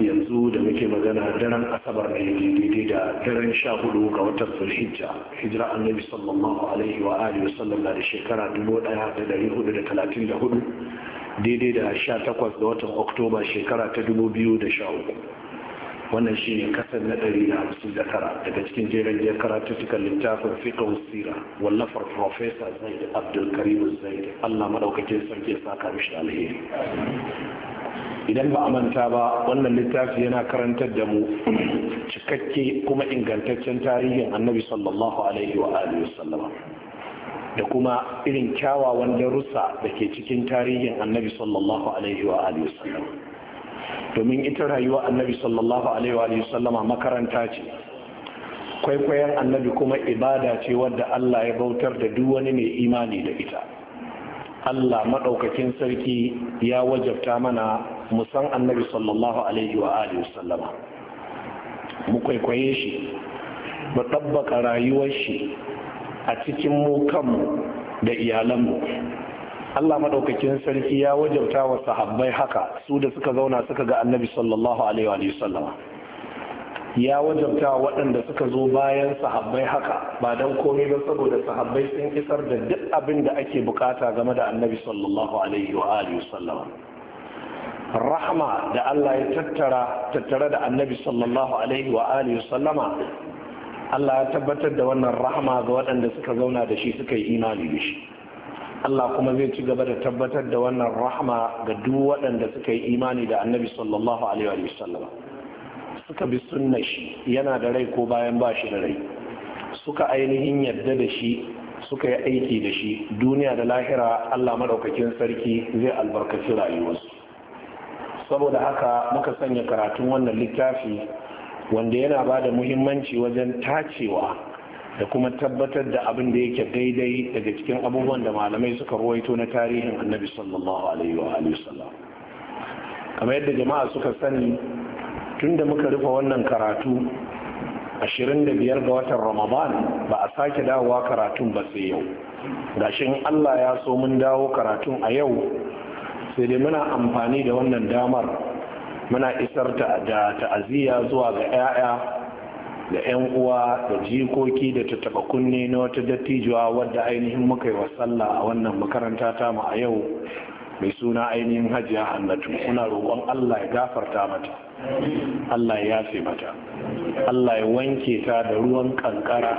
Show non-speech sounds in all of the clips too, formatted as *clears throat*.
yanzu da muke magana daren asabar ne daidai da daren sha hudu ga watan zulhijja hijira annabi sallallahu alaihi wa alihi wa sallam da shekara dubu daya da dari hudu da talatin da hudu daidai da sha takwas ga watan oktoba shekara ta dubu biyu da sha uku wannan shine kasar na ɗari na hamsin da tara daga cikin jerin jiyar karatuttukan littafin fiƙon sira wallafar profesa zaid abdulkarim zaid allah maɗaukakin sarki ya saka mishi alheri idan ba a manta ba wannan littafi yana karantar da mu *clears throat* cikakke kuma ingantaccen tarihin annabi sallallahu alaihi wa alihi da kuma irin kyawawan darussa da ke cikin tarihin annabi sallallahu alaihi wa alihi domin ita rayuwa annabi sallallahu alaihi wa makaranta ce kwaikwayon annabi kuma ibada ce wadda Allah ya bautar da duk wani mai imani da ita Allah maɗaukakin sarki ya wajabta mana musan annabi sallallahu alaihi wa alihi wasallama mu kwaikwaye shi mu ɗabbaka rayuwar shi a cikin mu kanmu da iyalanmu Allah maɗaukakin sarki ya wajabta wa sahabbai haka su da suka zauna suka ga annabi sallallahu alaihi wa sallama ya wajabta waɗanda suka zo bayan sahabbai haka ba don komai ba saboda sahabbai sun isar da duk abin da ake bukata game da annabi sallallahu alaihi wa alihi sallam rahma da Allah ya tattara tattara da annabi sallallahu alaihi wa alihi sallama Allah ya tabbatar da wannan rahma ga waɗanda suka zauna da shi suka yi imani da shi Allah kuma zai ci gaba da tabbatar da wannan rahma ga duk waɗanda suka yi imani da annabi sallallahu alaihi wa sallam suka bi sunna shi yana da rai ko bayan ba shi da rai suka ainihin yadda da shi suka yi aiki da shi duniya da lahira allah maɗaukakin sarki zai albarkaci rayuwarsu saboda haka muka sanya karatun wannan littafi wanda yana ba da muhimmanci wajen tacewa da kuma tabbatar da abin da yake daidai daga cikin abubuwan da malamai suka ruwaito na tarihin annabi sallallahu alaihi wa sallam kamar yadda jama'a suka sani Tun da muka rufe wannan karatu 25 ga watan ramadan ba a sake dawowa karatun ba sai yau Ga gashin allah ya so mun dawo karatun a yau sai dai muna amfani da wannan damar muna isar da ta'aziyya zuwa ga 'ya'ya da 'yan uwa da jikoki da tattaba kunne na wata dattijuwa wadda ainihin muka yi wa sallah a wannan makaranta tamu a yau mai suna ainihin hajiya hannatu muna roƙon Allah ya gafarta mata Allah ya yafe mata Allah ya wanke ta da ruwan kankara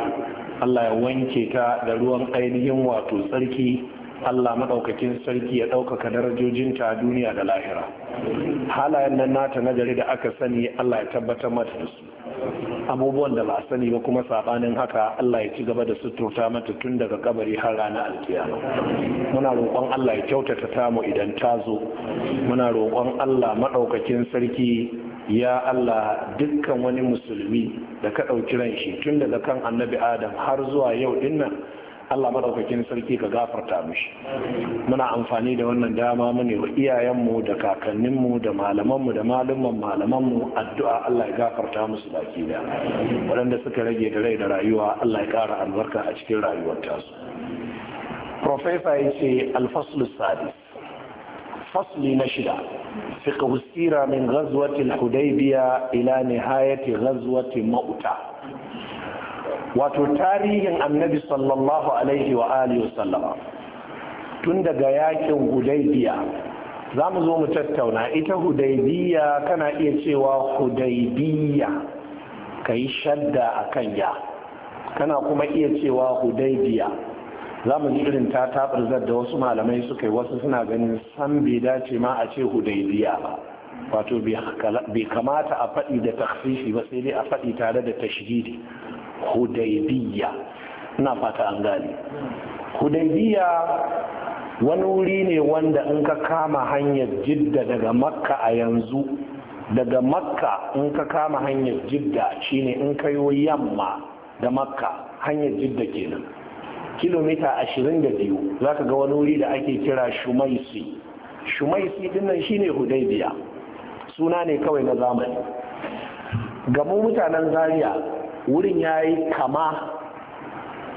Allah ya wanke ta da ruwan ainihin wato tsarki Allah maɗaukakin sarki ya ɗaukaka darajojinta a duniya da lahira halayen nan nata nagari da aka sani Allah ya tabbatar mata da su abubuwan da ba a sani ba kuma sabanin haka Allah ya ci gaba da suturta mata tun daga kabari har ranar alkiyama muna roƙon Allah ya kyautata mu idan ta zo muna roƙon Allah maɗaukakin sarki ya Allah dukkan wani musulmi da ka ɗauki ran shi tun daga kan annabi Adam har zuwa yau dinnan Allah madaukakin sarki ka gafarta mishi muna amfani da wannan dama mune wa iyayenmu da kakanninmu da malamanmu da malumman malamanmu addu'a Allah ya gafarta musu baki da waɗanda suka rage da rai da rayuwa Allah ya ƙara albarka a cikin rayuwar tasu Profesa ya ce alfasul sadis fasli na shida fiqh sira min ghazwati al-hudaybiyah ila nihayati ghazwati mauta wato tarihin annabi sallallahu alaihi wa alihi sallama tun daga yakin hudaybiya za mu zo mu tattauna ita hudaybiya kana iya cewa hudaybiya ka yi shadda a kan ya kana kuma iya cewa hudaybiya za mu ji irin ta taɓarzar da wasu malamai suka yi wasu suna ganin san bai dace ma a ce hudaybiya ba wato bai kamata a faɗi da takfifi ba sai dai a faɗi tare da tashhidi Hudaibiya ina fata an gane hudaibiya wani wuri ne wanda in ka kama hanyar jidda daga makka a yanzu daga makka in ka kama hanyar jidda shine in ka yi yamma da makka hanyar jidda kenan kilomita ashirin 22 za ka ga wani wuri da ake kira shumaisi shumaisi dinnan shine hudaibiya suna ne kawai na zamani gamu mutanen Zariya. wurin ya yi kama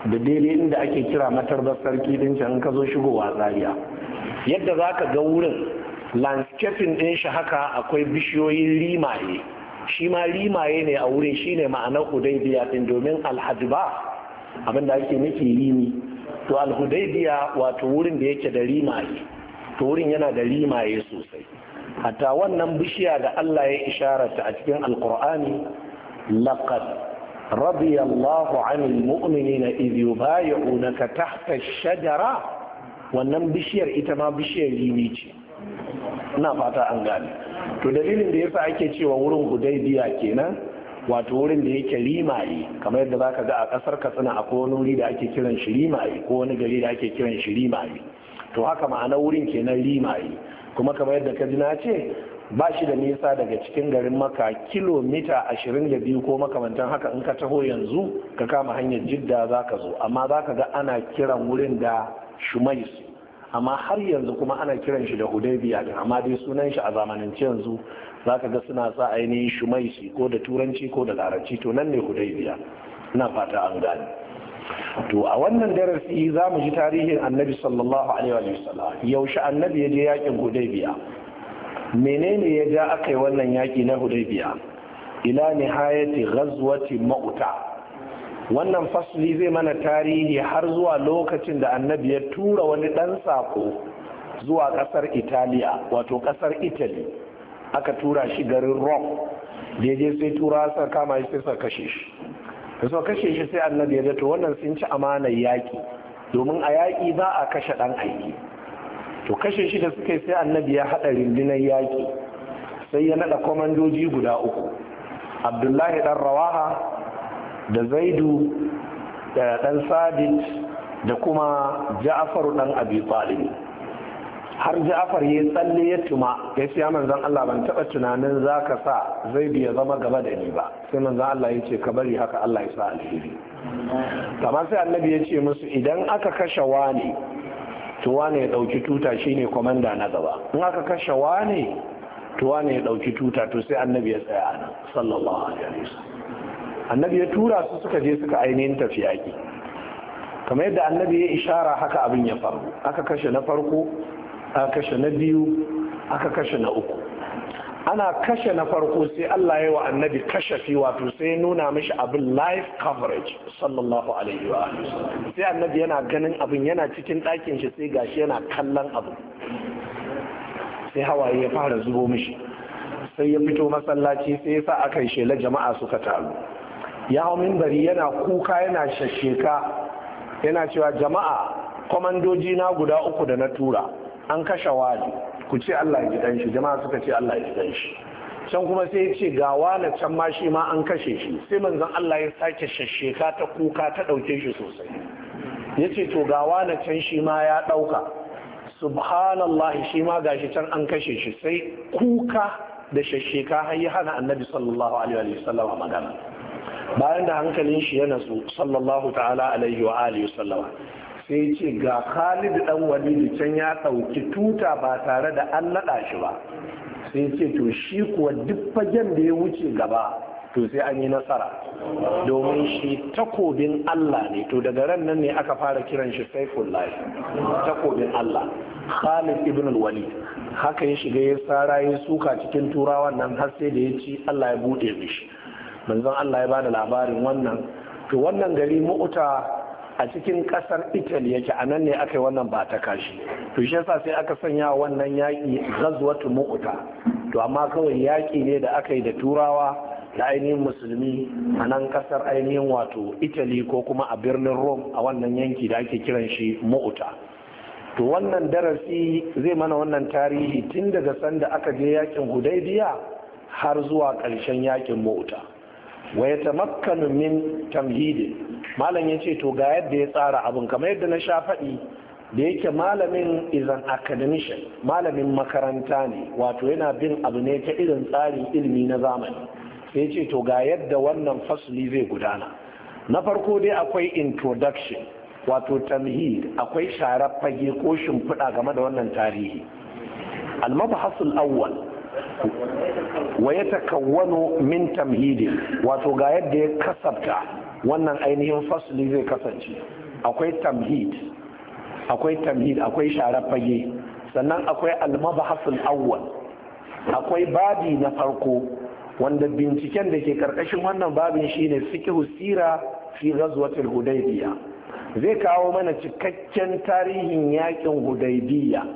da daidai inda ake kira matarbar sarki din can ka zo shigowa zariya yadda za ka ga wurin landscaping din shi haka akwai bishiyoyin rimaye shi ma rimaye ne a wurin shi ne ma'anar hudaibiya din domin alhajiba abinda ake nufi rimi to alhudaibiya wato wurin da yake da rimaye to wurin yana da rimaye sosai hatta wannan bishiya da Allah ya isharata a cikin alkur'ani laqad رضي الله عن المؤمنين إذ يبايعونك تحت الشجرة wannan bishiyar ita ma bishiyar rini ce ina fata an gane to dalilin da yasa ake cewa wurin hudaybiya kenan wato wurin da yake rimaye kamar yadda zaka ga a kasar katsina akwai wani wuri da ake kiran shi rimaye ko wani gari da ake kiran shi rimaye to haka ma'ana wurin kenan rimaye kuma kamar yadda ka ji na ce ba shi da nisa daga cikin garin maka kilomita 22 ko makamantan haka in ka taho yanzu ka kama hanyar jidda za ka zo amma za ka ga ana kiran wurin da shumais amma har yanzu kuma ana kiran shi da hudaybiya da amma dai sunan shi a zamanance yanzu za ka ga suna sa ainihin shumais ko da turanci ko da larabci to nan ne hudaybiya ina fata an gane to a wannan darasi za mu ji tarihin annabi sallallahu alaihi wa sallam yaushe annabi ya je yakin hudaybiya menene ya ja aka yi wannan yaƙi na hudaybiya ila nihayati ghazwati mauta wannan fasli zai mana tarihi har zuwa lokacin da annabi ya tura wani ɗan sako zuwa ƙasar italiya wato ƙasar italy aka tura shi garin rome da je sai tura sa kama shi sai sa kashe shi da suka kashe shi sai annabi ya to wannan sun ci amanar yaƙi domin a yaƙi za a kashe ɗan aiki to kashe shi da suka yi sai annabi ya haɗa rundunar yaƙi sai ya naɗa kwamandoji guda uku abdullahi ɗan rawaha da zaidu da ɗan sabit da kuma ja'afar ɗan abi tsalibi har ja'afar ya tsalle ya tuma ya siya manzan Allah ban taɓa tunanin za ka sa zaidu ya zama gaba da ni ba sai manzan Allah ya ce ka bari haka Allah ya sa alheri kamar sai annabi ya ce musu idan aka kashe wani tuwa ne ya dauki tuta shine komanda na gaba in aka kashe wane tuwa ya dauki tuta to sai annabi ya tsaya a nan sallallahu alaihi wasallam annabi ya tura su suka je suka ainihin tafi yaki kamar yadda annabi ya ishara haka abin ya faru aka kashe na farko aka kashe na biyu aka kashe na uku ana kashe na farko sai Allah ya wa annabi kashe fi wato sai nuna mishi abin life coverage sallallahu alaihi wa sai annabi yana ganin abin yana cikin ɗakin shi sai gashi yana kallon abin sai hawaye ya fara zubo mishi sai ya fito masallaci sai ya sa aka shela jama'a suka taru ya hau bari yana kuka yana shasheka yana cewa jama'a kwamandoji na guda uku da na tura an kashe wani ku ce Allah ya ji danshi jama'a suka ce Allah ya ji danshi can kuma sai ya ce ga wani can ma shi ma an kashe shi sai manzon Allah ya sake shasheka ta kuka ta ɗauke shi sosai ya ce to gawa na can shi ma ya ɗauka subhanallah shi ma shi can an kashe shi sai kuka da shasheka har yi hana annabi sallallahu alaihi wasallam magana bayan da hankalin shi ya nasu sallallahu ta'ala alaihi wa alihi wasallama sai ce ga khalid dan walidi can ya ɗauki tuta ba tare da an naɗa shi ba sai ce to shi kuwa duk fagen da ya wuce gaba to sai an yi nasara domin shi takobin Allah ne to daga ran nan ne aka fara kiran shi saifullahi takobin Allah Khalid ibn al-Walid haka ya shiga ya tsara ya suka cikin turawan nan har sai da ya ci Allah ya bude mishi manzon Allah ya bada labarin wannan to wannan gari mu'uta a cikin kasar italy yake a nan ne aka yi wannan ba ta kashi to shi yasa sai aka sanya wannan yaƙi ghazwatu mu'uta, to amma kawai yaƙi ne da aka yi da turawa da ainihin musulmi a nan kasar ainihin wato italy ko kuma a birnin rome a wannan yanki da ake kiran shi mu'uta. to wannan darasi zai mana wannan tarihi tun daga sanda aka je yaƙin hudaybiya har zuwa ƙarshen yaƙin mu'uta. wa ya tamakkanu min tamhidi malam ya ce to ga yadda ya tsara abin kamar yadda na sha faɗi da yake malamin izan academician malamin makaranta ne wato yana bin abu ne ta irin tsarin ilimi na zamani sai ce to ga yadda wannan fasuli zai gudana na farko dai akwai introduction wato tamhid akwai sharar fage ko shimfiɗa game da wannan tarihi al-mabhasul awwal wa ya takawwano min tamhidi wato ga yadda ya kasabta wannan ainihin fasli zai kasance akwai tamhid akwai tamhid akwai shara fage sannan akwai almabahasul awwal akwai babi na farko wanda binciken da ke karkashin wannan babin shine fiqhu sira fi ghazwatil hudaibiya, zai kawo mana cikakken tarihin yakin hudaibiya.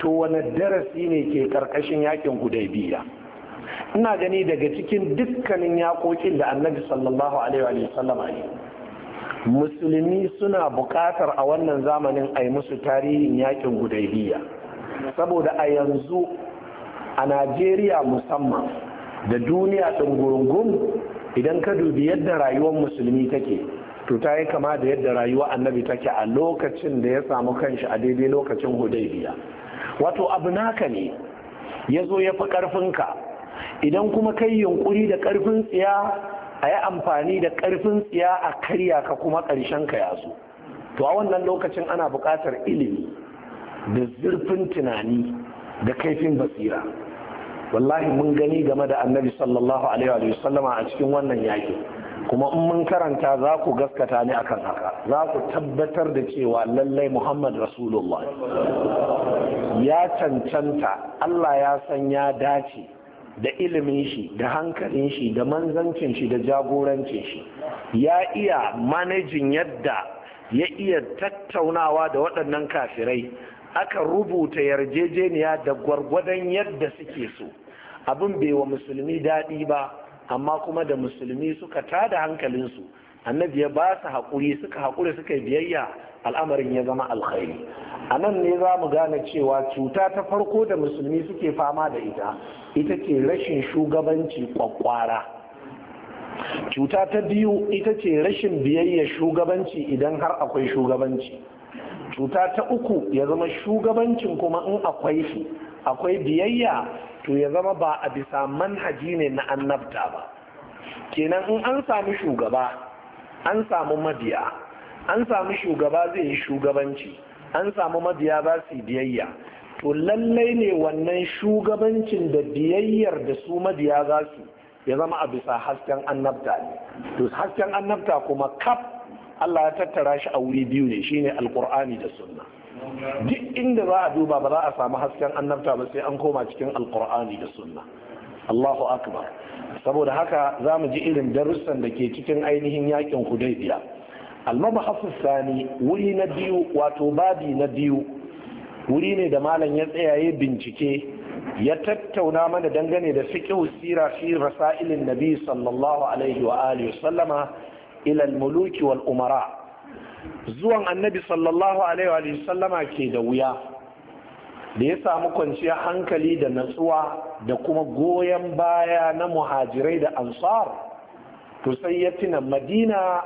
to wani darasi ne ke karkashin yakin hudaybiya ina gani daga cikin dukkanin yakokin da annabi sallallahu alaihi wa ne musulmi suna buƙatar a wannan zamanin a yi musu tarihin yakin hudaybiya saboda a yanzu a najeriya musamman da duniya ɗungurungun idan ka dubi yadda rayuwar musulmi take to ta yi kama da yadda rayuwa annabi take a lokacin da ya samu kanshi a daidai lokacin hudaybiya wato abu naka ne ya zo ya fi ƙarfinka idan kuma kai yunkuri da ƙarfin tsiya a yi amfani da ƙarfin tsiya a karya ka kuma ƙarshen ka ya zo to a wannan lokacin ana buƙatar ilimi da zurfin tunani da kaifin basira wallahi mun gani game da annabi sallallahu alaihi wa a cikin wannan yakin kuma in mun karanta za ku gaskata ne akan haka za ku tabbatar da cewa lallai muhammad rasulullah ya cancanta allah ya san ya dace da ilimin shi da hankalin shi da manzancin shi da jagorancin shi ya iya manajin yadda ya iya tattaunawa da waɗannan kafirai aka rubuta yarjejeniya da gwargwadon yadda suke so abin bai wa musulmi daɗi ba amma kuma da musulmi suka tada hankalinsu annabi ya ba su haƙuri suka haƙuri suka yi biyayya al'amarin ya zama alkhairi a nan ne za mu gane cewa cuta ta farko da musulmi suke fama da ita ita ce rashin shugabanci kwakwara cuta ta biyu ita ce rashin biyayya shugabanci idan har akwai shugabanci cuta ta uku ya zama shugabancin kuma in akwai shi akwai biyayya to ya zama ba a bisa manhaji ne na annabta ba kenan in an samu shugaba an samu mabiya an samu shugaba zai yi shugabanci an samu mabiya ba su biyayya to lallai ne wannan shugabancin da biyayyar da su mabiya za su ya zama a bisa hasken annabta ne to hasken annabta kuma kaf Allah ya tattara shi a wuri biyu ne shine alkur'ani da sunna duk inda za a duba ba za a samu hasken annabta ba sai an koma cikin alkur'ani da sunna Allahu akbar saboda haka za mu ji irin darussan da ke cikin ainihin yakin hudaybiya almabahafus sani wuri na biyu wato babi na biyu wuri ne da malam ya tsayaye bincike ya tattauna mana dangane da fiqh sira fi rasailin nabi sallallahu alaihi wa alihi sallama ila al-muluki wal umara zuwan annabi sallallahu alaihi sallama ke da wuya da ya samu kwanciyar hankali da natsuwa da kuma goyon baya na muhajirai da ansar to sai ya tuna madina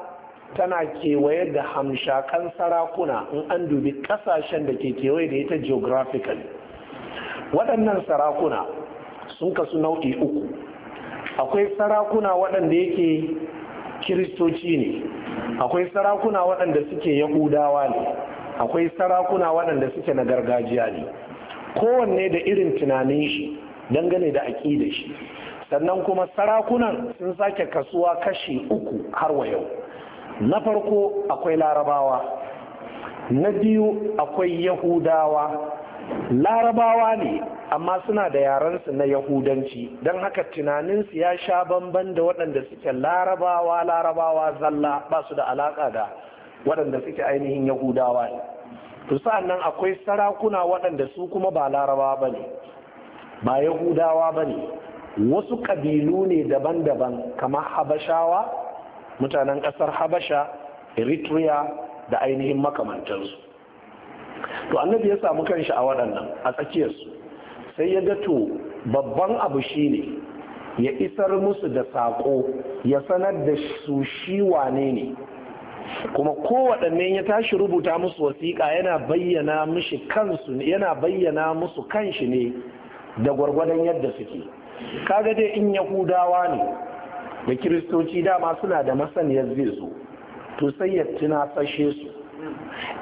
tana kewaye da hamshakan sarakuna in an dubi kasashen da ke kewaye da ita geographically waɗannan sarakuna sun kasu nau'i uku akwai sarakuna waɗanda yake kiristoci ne akwai sarakuna waɗanda suke yahudawa ne akwai sarakuna waɗanda suke na gargajiya ne kowanne da irin tunanin shi dangane da aƙida shi sannan kuma sarakunan sun sake kasuwa kashi uku har wa yau na farko akwai larabawa na biyu akwai yahudawa larabawa ne amma suna da yarensu na yahudanci don haka tunaninsu ya sha bamban da waɗanda suke larabawa larabawa zalla ba su da alaƙa da waɗanda suke ainihin yahudawa ne to nan akwai sarakuna waɗanda su kuma ba larabawa ba ne ba yahudawa ba ne wasu ƙabilu ne daban-daban kamar habashawa mutanen ƙasar habasha eritrea da ainihin makamantansu to annabi ya samu kanshi a waɗannan a tsakiyarsu sai ya ga babban abu shine ya isar musu da saƙo ya sanar da su shi wane ne kuma kowaɗanne ya tashi rubuta musu wasiƙa yana bayyana mushi kansu yana bayyana musu kanshi ne da gwargwadon yadda suke kaga dai in yahudawa ne da kiristoci dama suna da masaniyar zai zo to sai ya tunasashe su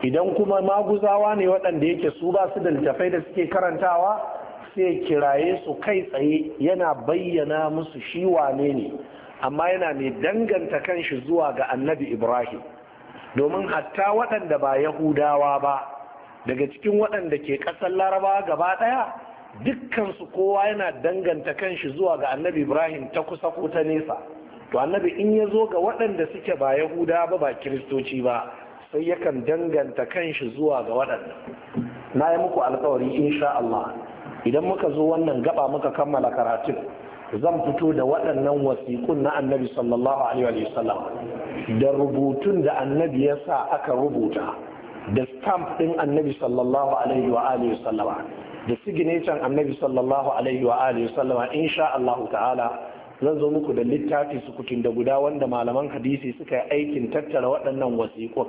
idan kuma maguzawa ne waɗanda yake su ba su da littafai da suke karantawa sai kiraye su kai tsaye yana bayyana musu shi wane ne amma yana mai danganta kanshi zuwa ga annabi ibrahim domin hatta waɗanda ba yahudawa ba daga cikin waɗanda ke ƙasar larabawa gaba ɗaya dukkansu kowa yana danganta kanshi zuwa ga annabi ibrahim ta kusa ko ta nesa to annabi in ya zo ga waɗanda suke ba Yahuda ba ba kiristoci ba sai yakan danganta kanshi zuwa ga waɗanda na yi muku alkawari insha Allah idan muka zo wannan gaba muka kammala karatun zan fito da waɗannan wasiƙun na annabi sallallahu alaihi sallam. da rubutun da annabi ya sa aka rubuta da stamp ɗin annabi sallallahu alaihi wa alihi sallama da signature annabi sallallahu alaihi wa alihi sallama insha Allah ta'ala zan zo muku da littafi sukutin da guda wanda malaman hadisi suka yi aikin tattara waɗannan wasiƙun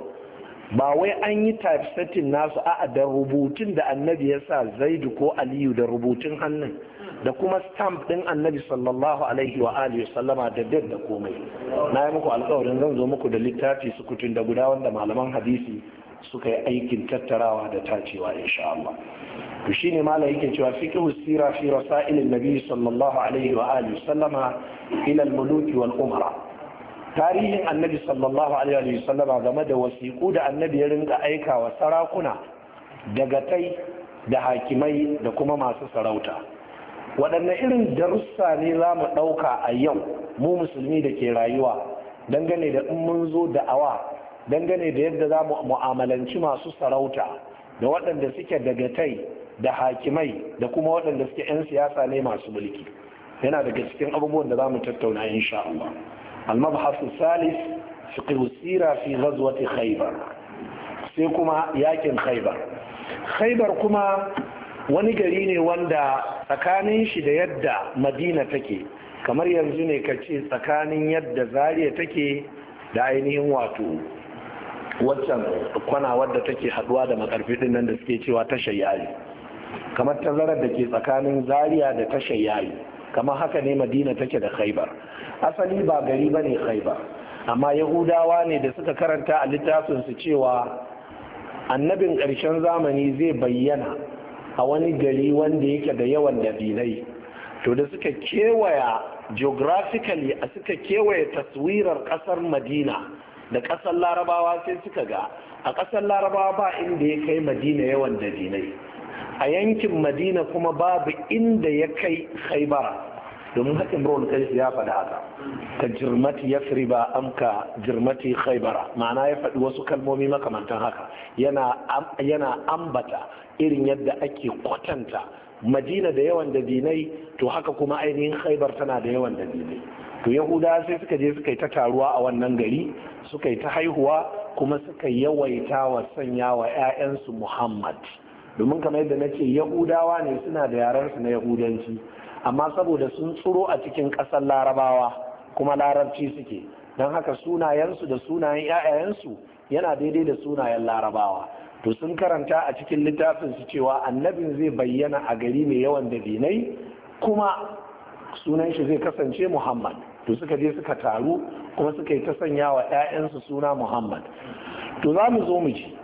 ba wai an yi typesetting nasu a'a da rubutun da annabi ya sa zaidu ko aliyu da rubutun hannun da kuma stamp din annabi sallallahu alaihi wa alihi sallama da duk da komai na yi muku alkawarin zan zo muku da littafi sukutun da guda wanda malaman hadisi suka yi aikin tattarawa da tacewa insha Allah to shine mala yake cewa fiqhu sira fi rasailin nabi sallallahu alaihi wa alihi sallama ila al wal umara tarihin annabi sallallahu alaihi wasallama game da wasiƙu da annabi ya rinka aika wa sarakuna dagatai, tai da hakimai da kuma masu sarauta waɗanne irin darussa ne za mu ɗauka a yau mu musulmi da ke rayuwa dangane da in mun zo da'awa dangane da yadda za mu mu'amalanci masu sarauta da waɗanda suke daga tai da hakimai da kuma waɗanda suke 'yan siyasa ne masu mulki yana daga cikin abubuwan da za mu tattauna insha Allah. المبحث الثالث فقه السيرة في غزوة خيبر سيكما ياكن خيبر خيبر كما wani gari ne wanda tsakanin shi da yadda madina take kamar yanzu ne ka ce tsakanin yadda zariya take da ainihin wato waccan kwana wadda take haduwa da makarfi din nan da suke cewa tashar yayi kamar tazarar da ke tsakanin zariya da tashar yayi kamar haka ne madina take da khaibar asali ba gari ba ne khaibar amma yahudawa ne da suka karanta a littafin su cewa annabin ƙarshen zamani zai bayyana a wani gari wanda yake da yawan dabilai to da suka kewaya geographically a suka kewaya taswirar ƙasar madina da ƙasar larabawa sai suka ga a ƙasar larabawa ba inda ya kai madina yawan dabilai a yankin madina kuma babu inda ya kai khaibara domin haƙin rawar kai ya faɗi haka ka jirmati ya firi ba amka jirmati khaibara ma'ana ya faɗi wasu kalmomi makamantan haka yana ambata irin yadda ake kwatanta madina da yawan da dinai to haka kuma ainihin khaibar tana da yawan da dinai to yahuda sai suka je suka yi ta taruwa a wannan gari suka yi ta haihuwa kuma suka yawaita wa sanya wa 'ya'yansu muhammad domin kamar yadda nace yahudawa ne suna da yarensu su na yahudanci amma saboda sun tsuro a cikin ƙasar larabawa kuma larabci suke don haka sunayensu da sunayen 'ya'yayensu yana daidai da sunayen larabawa to sun karanta a cikin littafin su cewa annabin zai bayyana a gari mai yawan dabinai kuma sunan shi zai kasance muhammad to suka je suka taru kuma suka yi ta sanya wa 'ya'yansu suna muhammad to za mu zo mu ji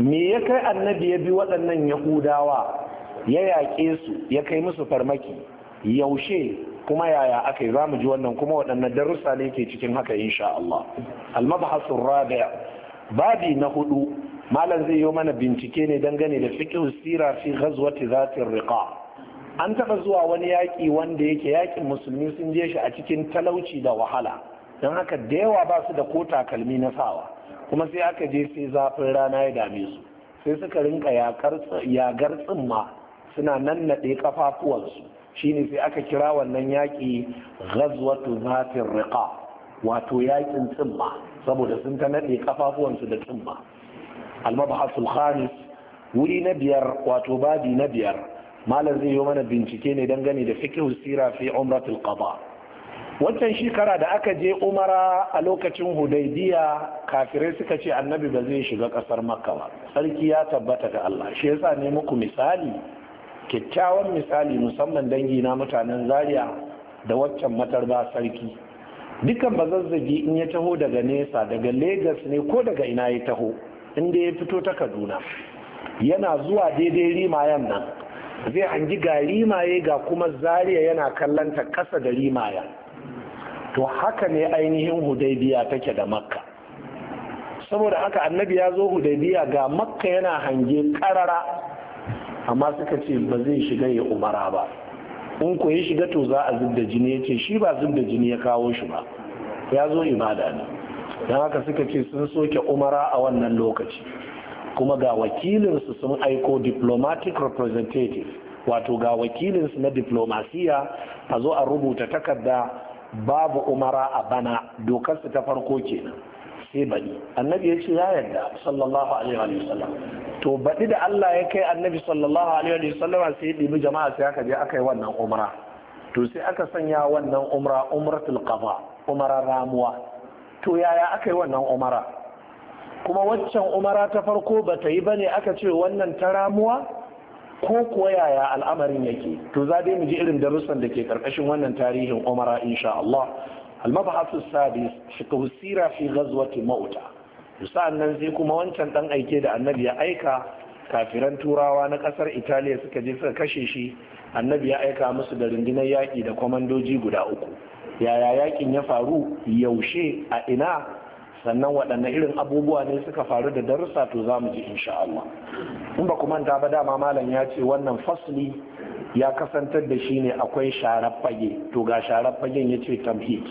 me ya kai annabi ya bi waɗannan yahudawa ya yaƙe su ya kai musu farmaki yaushe kuma yaya aka yi za mu ji wannan kuma waɗannan darussa ne ke cikin haka insha Allah almabhasul rabi babi na hudu malam zai yi mana bincike ne dangane da fiqh sira fi ghazwati zatir riqa an taɓa zuwa wani yaƙi wanda yake yaƙin musulmi sun je shi a cikin talauci da wahala don haka da yawa ba su da ko takalmi na sawa kuma sai aka je sai zafin rana ya dame su sai suka rinka yagar tsimma suna nan nannaɗe kafafuwansu shine sai aka kira wannan yaƙi ghazwatu zafin riƙa wato yaƙin tsimma saboda sun ta naɗe kafafuwansu da tsimma almabahasul khamis wuri na biyar wato babi na biyar malam zai yi mana bincike ne dangane da fiqh sira fi umratul qada wancan shekara da aka je umara a lokacin hudaidiya kafirai suka ce annabi ba zai shiga ƙasar makka ba sarki ya tabbata ga Allah shi yasa ne muku misali kyakkyawan misali musamman dangi na mutanen zaria da waccan matarba sarki dukan bazazzagi in ya taho daga nesa daga Legas ne ko daga ina ya taho inda ya fito ta kaduna yana zuwa daidai rimayen nan zai hangi ga rimaye ga kuma zaria yana kallanta kasa da rimayen to haka ne ainihin hudaybiya take da makka saboda haka annabi ya zo hudaybiya ga makka yana hange karara amma suka ce ba zai shiga ya umara ba in ko ya shiga to za a zub da jini ya ce shi ba zub da jini ya kawo shi ba ya zo ibada ne don haka suka ce sun soke umara a wannan lokaci kuma ga wakilinsu sun aiko diplomatic representative wato ga wakilinsu na diplomasiya a zo a rubuta takarda babu umara a bana dokarsu ta farko kenan sai baɗi annabi ya ce ya yarda sallallahu alaihi wa sallam to baɗi da Allah ya kai annabi sallallahu alaihi wa sallam sai ya ɗibi jama'a sai aka je aka yi wannan umara. to sai aka sanya wannan umara, umratul qada umara ramuwa to yaya aka yi wannan umara kuma waccan umara ta farko ba ta yi bane aka ce wannan ta ramuwa ko kuwa yaya al'amarin yake to za dai mu ji irin darussan da ke karkashin wannan tarihin umara insha Allah al mabahathu sadis fiqhu sira fi ghazwati mauta nan sai kuma wancan dan aike da annabi ya aika kafiran turawa na kasar Italiya suka je suka kashe shi annabi ya aika musu da rundunar yaki da kwamandoji guda uku yaya yakin ya faru yaushe a ina sannan waɗanne irin abubuwa ne suka faru da darussa to za mu ji insha Allah in ba ku manta ba dama malam ya ce wannan fasli ya kasantar da shi ne akwai sharar fage to ga sharar fagen ya ce tamhid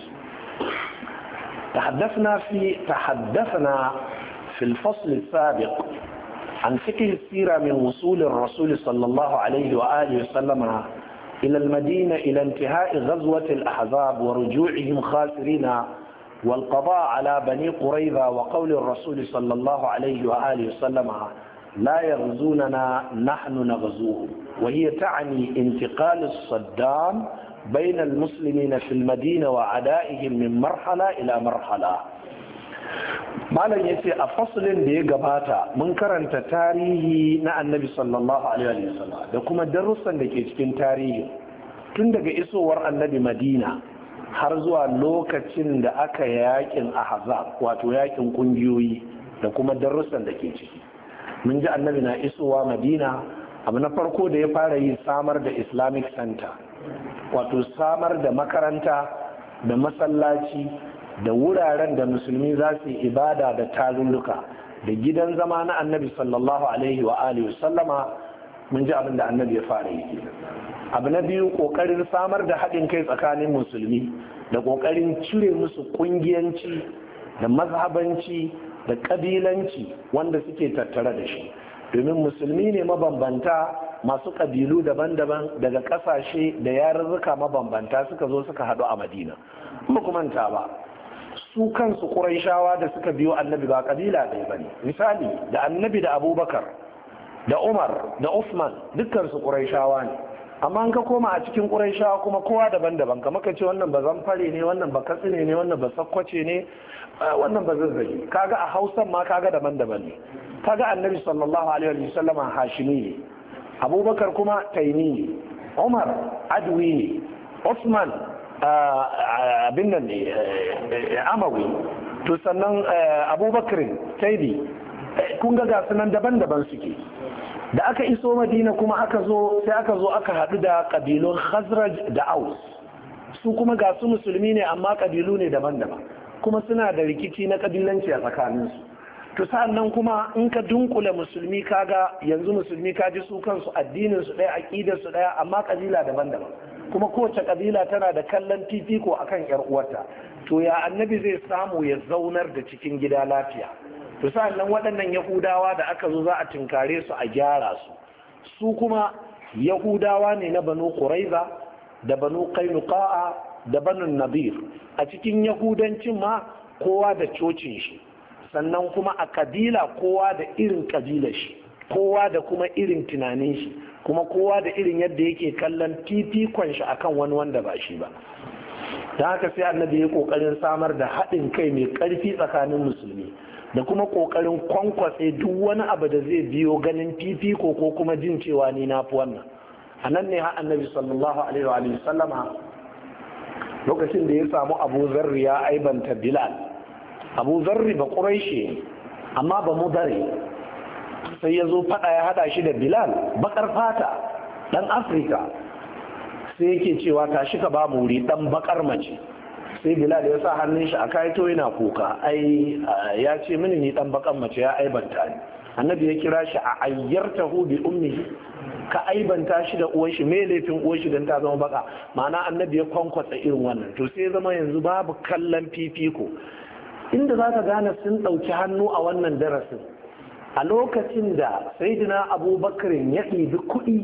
تحدثنا في تحدثنا في الفصل السابق عن فقه السيرة من وصول الرسول صلى الله عليه وآله وسلم إلى المدينة إلى انتهاء غزوة الأحزاب ورجوعهم خاسرين والقضاء على بني قريظة وقول الرسول صلى الله عليه وآله وسلم لا يغزوننا نحن نغزوهم وهي تعني انتقال الصدام بين المسلمين في المدينة وعدائهم من مرحلة إلى مرحلة malam ya ce a fasulin da ya gabata mun karanta tarihi na annabi sallallahu alaihi wasallam da kuma darussan da ke cikin tarihi tun daga isowar annabi madina har zuwa lokacin da aka yakin ahzab wato yakin kungiyoyi da kuma darussan da ke ciki mun ji annabi na isowa madina abu na farko da ya fara yi samar da islamic center wato samar da makaranta da masallaci da wuraren da musulmi za su yi ibada da talulluka da gidan zama na annabi sallallahu alaihi wa alihi sallama mun ji abin da annabi ya fara yi abu na biyu kokarin samar da haɗin kai tsakanin musulmi da kokarin cire musu ƙungiyanci, da mazhabanci da ƙabilanci wanda suke tattare da shi domin musulmi ne mabambanta masu ƙabilu daban-daban daga ƙasashe da yarurruka mabambanta suka zo suka haɗu a madina manta ba su kansu ƙuraishawa da suka biyo annabi ba ƙabila ɗaya ba ne misali da annabi da abubakar da umar da usman dukkansu ƙuraishawa ne amma an ka koma a cikin ƙuraishawa kuma kowa daban-daban kamar ka ce wannan ba zamfare ne wannan ba katsine ne wannan ba sakkwace ne wannan ba zazzagi kaga a hausan ma kaga daban-daban ne kaga annabi sallallahu alaihi wa sallam hashimi ne abubakar kuma taimi ne umar adwi ne usman abin nan ne eh, eh, eh, amawi to sannan abubakar taibi kun ga gasu nan daban-daban suke da aka iso madina kuma aka zo sai aka zo aka haɗu da ƙabilun khazraj da aus su kuma ga su musulmi ne amma ƙabilu ne daban-daban kuma suna da rikici na kabilanci a tsakaninsu to nan kuma in ka dunkule musulmi kaga yanzu musulmi ka ji su kansu addinin su ɗaya aƙidar su ɗaya amma kabila daban-daban kuma kowace kabila tana da kallon fifiko akan 'yar uwarta to ya annabi zai samu ya zaunar da cikin gida lafiya to sa'annan waɗannan yahudawa da aka zo za a tinkare su a gyara su su kuma yahudawa ne na banu quraiza da banu qainuqa'a da banu nadir a cikin yahudancin ma kowa da cocin shi sannan kuma a kabila kowa da irin kabilar shi kowa da kuma irin tunanin shi kuma kowa da irin yadda yake kallon fifikon shi akan wani wanda ba shi ba ta haka sai annabi ya kokarin samar da haɗin kai mai ƙarfi tsakanin musulmi da kuma ƙoƙarin kwankwatse duk wani abu da zai biyo ganin fifiko ko kuma jin cewa ni na fi wannan a nan ne ha annabi sallallahu alaihi wa sallama lokacin da ya samu abu zarri ya aibanta bilal abu zarri ba ƙuraishe, amma ba mu dare sai ya zo faɗa ya haɗa shi da bilal baƙar fata ɗan afirka sai yake cewa tashi ka ba mu wuri ɗan baƙar mace sai bilal ya sa hannun shi a kaito yana kuka ai ya ce mini ni dan bakan mace ya aibanta ni annabi ya kira shi a hu bi ummihi ka aibanta shi da uwan shi me laifin uwan shi dan ta zama baka ma'ana annabi ya kwankwasa irin wannan to sai zama yanzu babu kallon fifiko inda za ka gane sun ɗauki hannu a wannan darasin a lokacin da saidina abubakarin ya ɗibi kuɗi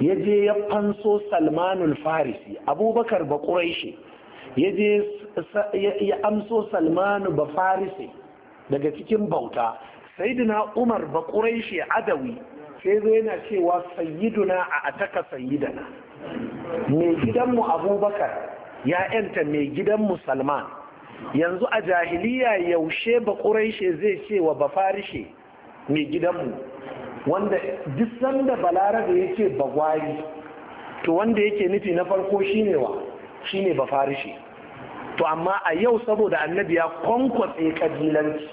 ya je ya fanso salmanul farisi abubakar ba ya je ya amso salmanu ba farisi daga cikin bauta sayyiduna umar ba quraishi adawi sai zo yana cewa sayyiduna a ataka sayyidana mai gidanmu abubakar ya yanta mai gidanmu salman yanzu a jahiliya yaushe ba quraishi zai ce wa ba farishe mai gidanmu wanda duk sanda balarabe ya ce bagwari to wanda yake nufi na farko shine wa Shi ne ba fari shi. to amma a yau saboda annabi ya kwankwatse kabilanci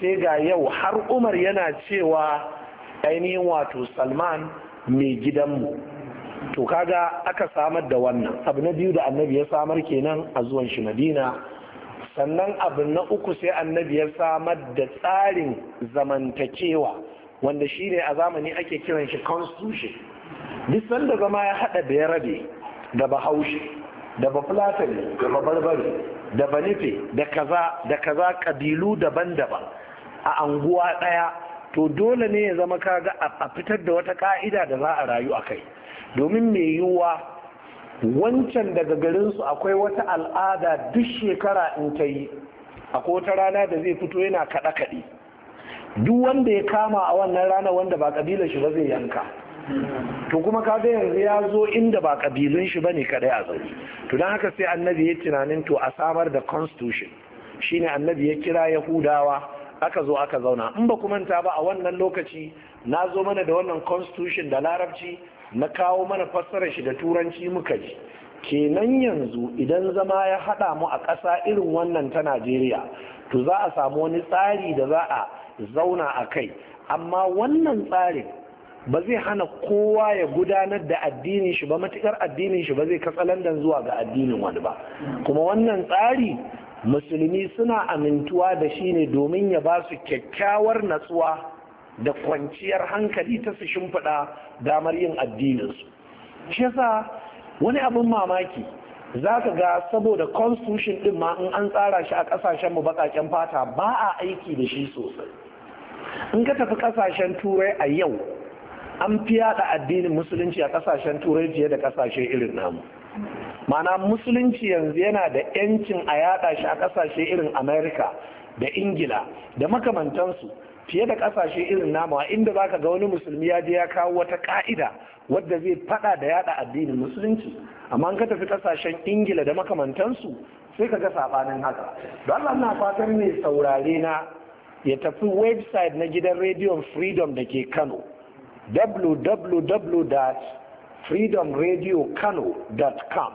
sai ga yau har umar yana cewa ainihin wato salman mai gidanmu to kaga aka samar da wannan abu na biyu da annabi ya samar kenan a zuwan shi madina sannan abu na uku sai annabi ya samar da tsarin zamantakewa wanda shi ne a zamani ake kiran shi constitution duk sanda zama ya hada da ya rabe da bahaushe da bafulatani da barbari da banife da kaza da kaza kabilu daban-daban a anguwa ɗaya to dole ne ya zama kaga a fitar da wata ka'ida da za a rayu a kai domin mai yiwuwa wancan daga garinsu akwai wata al'ada duk shekara in ta yi akwai wata rana da zai fito yana kaɗe-kaɗe duk wanda ya kama a wannan rana wanda ba ƙabilar shi ba zai yanka to kuma kaga yanzu ya zo inda ba kabilun shi bane kadai a zaune to dan haka sai annabi ya tunanin to a samar da constitution shine annabi ya kira yahudawa aka zo aka zauna in ba manta ba a wannan lokaci na zo mana da wannan constitution da larabci na kawo mana fassarar shi da turanci muka ji kenan yanzu idan zama ya haɗa mu a ƙasa irin wannan ta najeriya to za a samu wani tsari da za a zauna a kai amma wannan tsarin ba zai hana kowa ya gudanar da addinin shi ba matukar addinin shi ba zai katsalandan zuwa ga addinin wani ba kuma wannan tsari musulmi suna amintuwa da shi ne domin ya ba su kyakkyawar natsuwa da kwanciyar hankali ta su shimfiɗa damar yin addininsu shi yasa wani abin mamaki za ka ga saboda constitution din ma in an tsara shi a kasashen mu baƙaƙen fata ba a aiki da shi sosai in ka tafi ƙasashen turai a yau an fi yada addinin musulunci a kasashen turai fiye da kasashe irin namu mana musulunci yanzu yana da yancin a yada shi a kasashe irin amerika da ingila da makamantansu fiye da kasashe irin namu a inda zaka ga wani musulmi ya je ya kawo wata ka'ida wadda zai fada da yada addinin musulunci amma an ka tafi kasashen ingila da makamantansu sai ka ga sabanin haka don allah na fatan mai saurare na ya tafi website na gidan rediyon freedom da ke kano www.freedomradiokano.com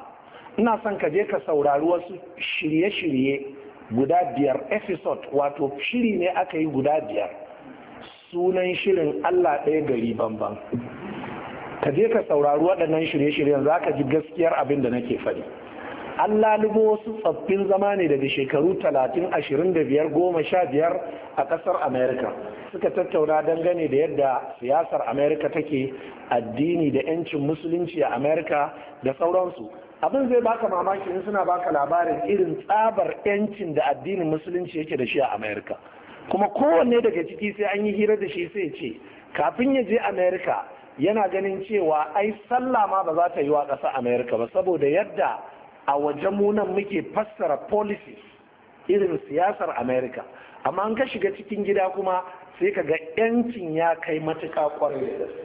ina son ka je ka saurari wasu shirye-shirye guda biyar episode wato shiri ne aka yi guda biyar sunan shirin Allah ɗaya gari bambam. ka je ka saurari waɗannan shirye-shiryen za ka ji gaskiyar abin da nake faɗi. an lalubo wasu tsaffin zama ne daga shekaru 30 25 goma sha biyar a kasar Amerika. suka tattauna dangane da yadda siyasar america take addini da 'yancin musulunci a Amerika da sauransu abin zai baka mamaki in suna baka labarin irin tsabar 'yancin da addinin musulunci yake da shi a Amerika. kuma kowanne daga ciki sai an yi hira da shi sai ce kafin ya je Amerika yana ganin cewa ai sallah ma ba za ta yi wa ƙasa Amerika ba saboda yadda a wajen munan muke fassara policies irin siyasar Amerika, amma an ka shiga cikin gida kuma sai ka ga yancin ya kai matuka kwarai da su.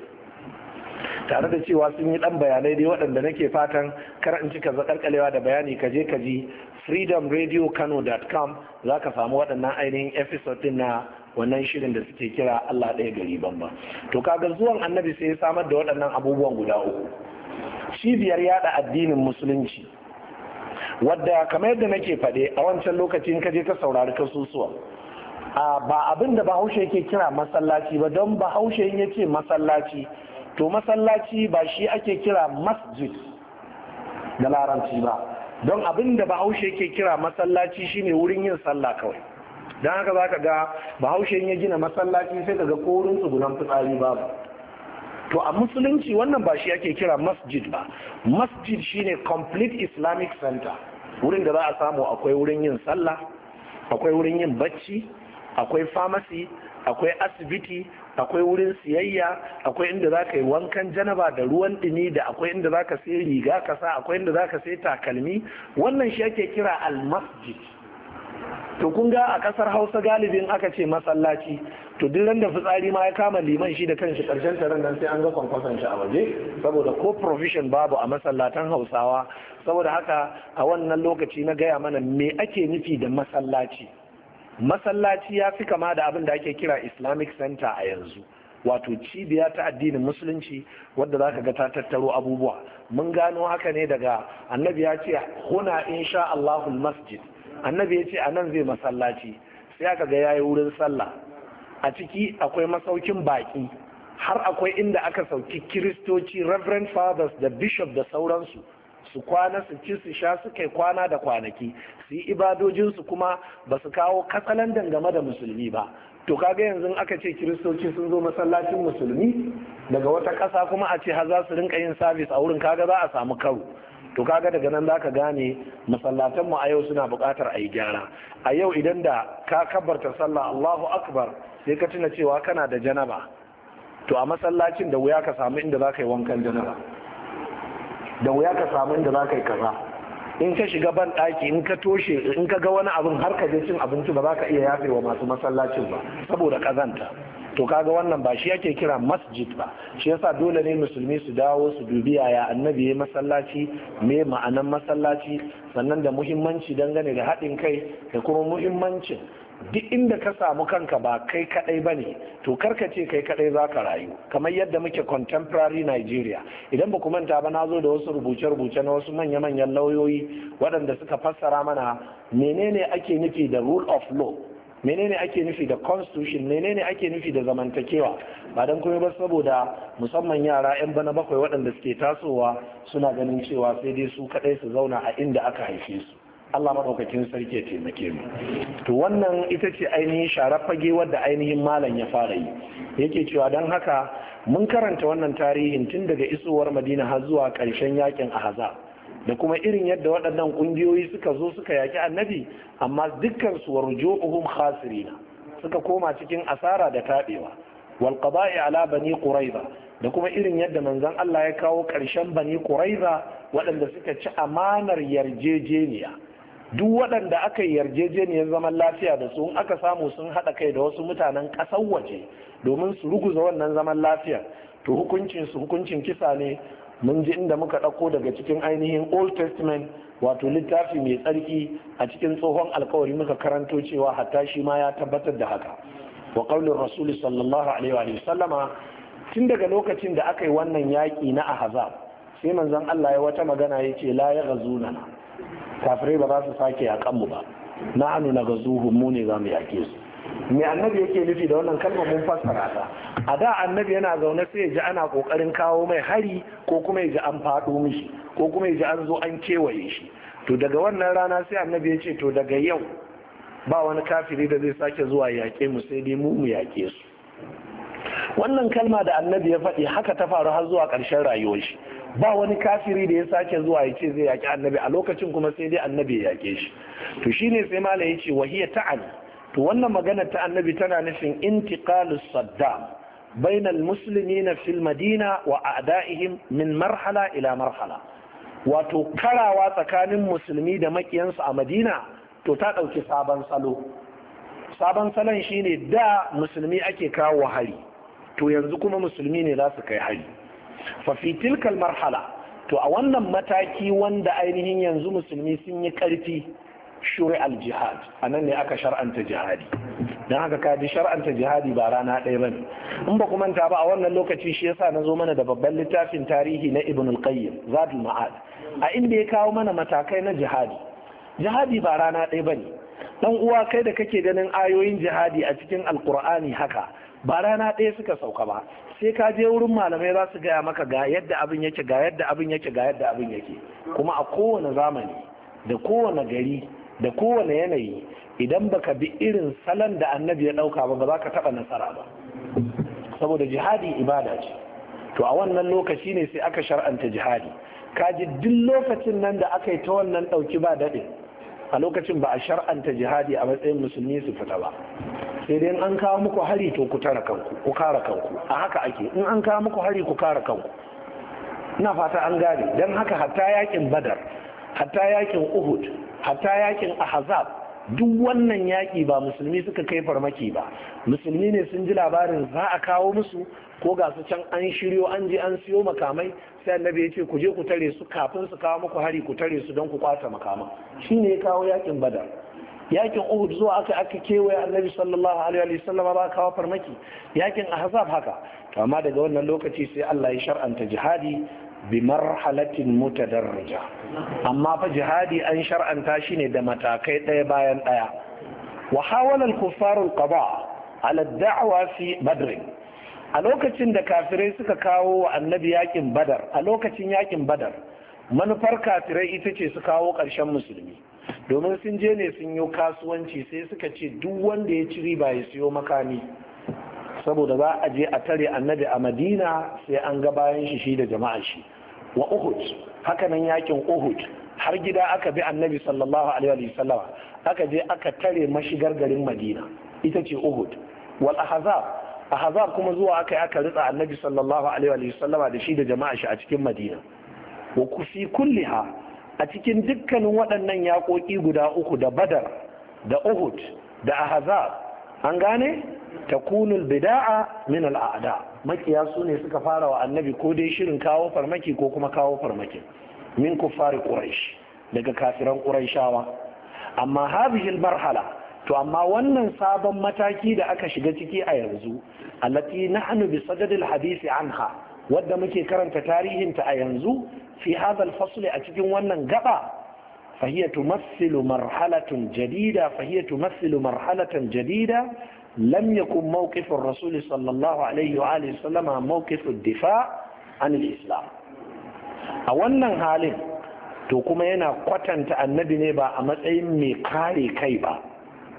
tare da cewa sun yi dan bayanai dai waɗanda nake fatan kar in cika zakarkalewa da bayani ka je ka ji freedomradiokano.com za ka samu waɗannan ainihin episode din na wannan shirin da suke kira Allah ɗaya gari bamba to kaga zuwan annabi sai ya samar da waɗannan abubuwan guda uku cibiyar yada addinin musulunci wadda kamar yadda nake faɗe a wancan lokacin ka je ka saurari kasusuwa ba abin da bahaushe yake kira masallaci ba don bahaushe in yace masallaci to masallaci ba shi ake kira masjid da laranci ba don abin da bahaushe yake kira masallaci shine wurin yin sallah kawai don haka za ka ga bahaushe in ya gina masallaci sai ka ga korin tsugunan fitsari ba. to a musulunci wannan ba shi ake kira masjid ba masjid shine complete islamic center wurin da za a samu akwai wurin yin sallah akwai wurin yin bacci akwai famasi akwai asibiti akwai wurin siyayya akwai inda za ka yi wankan janaba da ruwan ɗini da akwai inda za ka sai riga kasa akwai inda za ka sai takalmi wannan shi ake kira almasjid to kun ga a kasar hausa galibin aka ce masallaci to duk ran da fitsari ma ya kama liman shi da kanshi karshen taron nan sai an ga kwankwason shi a waje saboda ko provision babu a masallatan hausawa saboda haka a wannan lokaci na gaya mana me ake nufi da masallaci masallaci ya fi kama da abin da ake kira islamic center a yanzu wato cibiya ta addinin musulunci wadda za ka ga ta tattaro abubuwa mun gano haka ne daga annabi ya ce huna insha Allahul masjid annabi ya ce a nan zai masallaci sai aka ga yayi wurin sallah a ciki akwai masaukin baki har akwai inda aka sauki kiristoci reverend fathers da bishop da sauransu su kwana su ci su sha su kai kwana da kwanaki su yi ibadojinsu kuma ba su kawo katsalan game da musulmi ba to kaga yanzu aka ce kiristoci sun zo masallacin musulmi daga wata ƙasa kuma a ce har za su rinka yin sabis a wurin kaga za a samu karo to kaga daga nan zaka gane masallatan mu a yau suna buƙatar a yi gyara a yau idan da ka kabbarta sallah Allahu akbar sai ka tuna cewa kana da janaba to a masallacin da wuya ka samu inda zaka yi wankan janaba da wuya ka samu inda zaka yi kaza in ka shiga ban ɗaki in ka toshe in ka ga wani abin har ka je cin abinci ba za ka iya yafewa masu masallacin ba saboda kazanta to kaga wannan ba shi ake kira masjid ba shi yasa dole ne musulmi su dawo su dubi yaya annabi ya masallaci me ma'anan masallaci sannan da muhimmanci dangane da haɗin kai da kuma muhimmancin duk inda ka samu kanka ba kai kadai bane to karka ce kai kadai za ka rayu kamar yadda muke contemporary Nigeria idan ba ku manta ba na zo da wasu rubuce-rubuce na wasu manya-manyan lauyoyi waɗanda suka fassara mana menene ake nufi da rule of law menene ake nufi da constitution menene ake nufi da zamantakewa ba don kuma ba saboda musamman yara 'yan bana bakwai waɗanda suke tasowa suna ganin cewa sai dai su kaɗai su zauna a inda aka haife su Allah maɗaukakin sarki ya taimake mu to wannan ita ce ainihin sharar fage wadda ainihin malam ya fara yi yake cewa don haka mun karanta wannan tarihin tun daga isowar madina har zuwa ƙarshen yakin ahzab da kuma irin yadda waɗannan ƙungiyoyi suka zo suka yaki annabi amma dukkan su warjuhum khasirina suka koma cikin asara da taɓewa wal qada'i ala bani quraiza da kuma irin yadda manzon Allah ya kawo ƙarshen bani quraiza waɗanda suka ci amanar yarjejeniya duk waɗanda aka yi yarjejeniyar zaman lafiya da su aka samu sun haɗa kai da wasu mutanen ƙasar waje domin su ruguza wannan zaman lafiyar to hukuncin su hukuncin kisa ne mun ji inda muka ɗauko daga cikin ainihin old testament wato littafi mai tsarki a cikin tsohon alkawari muka karanto cewa hatta shi ma ya tabbatar da haka wa ƙaunin rasulun sallallahu alaihi wa sallama tun daga lokacin da aka yi wannan yaƙi na ahaza sai manzon Allah ya wata magana ya ce la ya zunana. kafirai ba za su sake yaƙan mu ba Na na'anu na gazuhum mu ne za mu yaƙe su me annabi yake nufi da wannan kalma mun fassara ta a da annabi yana zaune sai ya ji ana kokarin kawo mai hari ko kuma ya ji an faɗo mishi ko kuma ya ji an zo an kewaye shi to daga wannan rana sai annabi ya ce to daga yau ba wani kafiri da zai sake zuwa yaƙe mu sai dai mu mu yaƙe su wannan kalma da annabi ya faɗi haka ta faru har zuwa ƙarshen rayuwar shi ba wani kafiri da ya sake zuwa ya ce zai yaƙi annabi a lokacin kuma sai dai annabi ya yaƙe shi to shine sai mala ya ce wahiya ta'ani to wannan magana ta annabi tana nufin intiqalus saddam bainal na fil madina wa a'da'ihim min marhala ila marhala wato karawa tsakanin musulmi da makiyansu a madina to ta ɗauki sabon salo sabon salon shine da musulmi ake kawo hari to yanzu kuma musulmi ne za su kai hari fafi tilkal marhala to a wannan mataki wanda ainihin yanzu musulmi sun yi ƙarfi shuri al-jihad a nan ne aka shar'anta jihadi don haka kaji shar'anta jihadi ba rana ɗaya ba ne in ba kuma ta ba a wannan lokaci shi yasa na zo mana da babban littafin tarihi na ibn al-qayyim zadul ma'ad a inda ya kawo mana matakai na jihadi jihadi ba rana ɗaya ba ne dan uwa kai da kake ganin ayoyin jihadi a cikin alkur'ani haka ba rana ɗaya suka sauka ba sai ka je wurin malamai za su gaya maka ga yadda abin yake ga yadda abin yake ga yadda abin yake kuma a kowane zamani da kowane gari da kowane yanayi idan baka bi irin salon da annabi ya ɗauka ba ba ka taɓa nasara ba saboda jihadi ibada ce to a wannan lokaci ne sai aka shar'anta jihadi Ka ji duk lokacin nan da aka yi ta wannan ɗauki ba daɗe a lokacin ba a shar'anta jihadi a matsayin musulmi su fita ba sai dai an kawo muku hari to ku tara kanku ku kara kanku a haka ake in an kawo muku hari ku kara kanku ina fata an gane don haka hatta yakin badar hatta yakin uhud hatta yakin ahzab duk wannan yaki ba musulmi suka kai farmaki ba musulmi ne sun ji labarin za a kawo musu ko ga su can an shiryo an je an siyo makamai sai annabi ya ce ku je ku tare su kafin su kawo muku hari ku tare su don ku kwata makama ne ya kawo yakin badar yakin uhud zuwa aka aka kewaye annabi sallallahu alaihi wa sallam ba kawo farmaki yakin ahzab haka amma daga wannan lokaci sai Allah ya shar'anta jihadi bi marhalatin mutadarrija amma fa jihadi an shar'anta shi ne da matakai ɗaya bayan ɗaya wa hawala al-kuffar al-qada ala ad-da'wa fi badr a lokacin da kafirai suka kawo wa annabi yakin badar a lokacin yakin badar manufar kafirai ita ce su kawo ƙarshen musulmi domin sun je ne sun yi kasuwanci sai suka ce duk wanda ya ci riba ya siyo makami saboda za a je a tare annabi a madina sai an ga bayan shi shi da jama'a shi wa uhud hakanan yakin uhud har gida aka bi annabi sallallahu alaihi wasallama aka je aka tare mashigar garin madina ita ce uhud wal ahzab ahzab kuma zuwa aka yi aka ritsa annabi sallallahu alaihi wasallama da shi da jama'a shi a cikin madina wa kufi kulliha a cikin dukkanin waɗannan yaƙoƙi guda uku da badar da uhud da ahzab an gane takunul bida'a min al'ada makiya su ne suka fara wa annabi ko dai shirin kawo farmaki ko kuma kawo farmakin min kuffari quraish daga kafiran quraishawa amma hadhihi barhala to amma wannan sabon mataki da aka shiga ciki a yanzu allati nahnu bi sadadil hadisi anha wadda muke karanta tarihinta a yanzu fi hadha al a cikin wannan gaba فهي تمثل مرحلة jarida فهي تمثل مرحلة jarida. lam yakun mawqifur rasul sallallahu alaihi wa alihi sallama mawqifud difa an islam a wannan halin to kuma yana kwatanta annabi ne ba a matsayin mai kare kai ba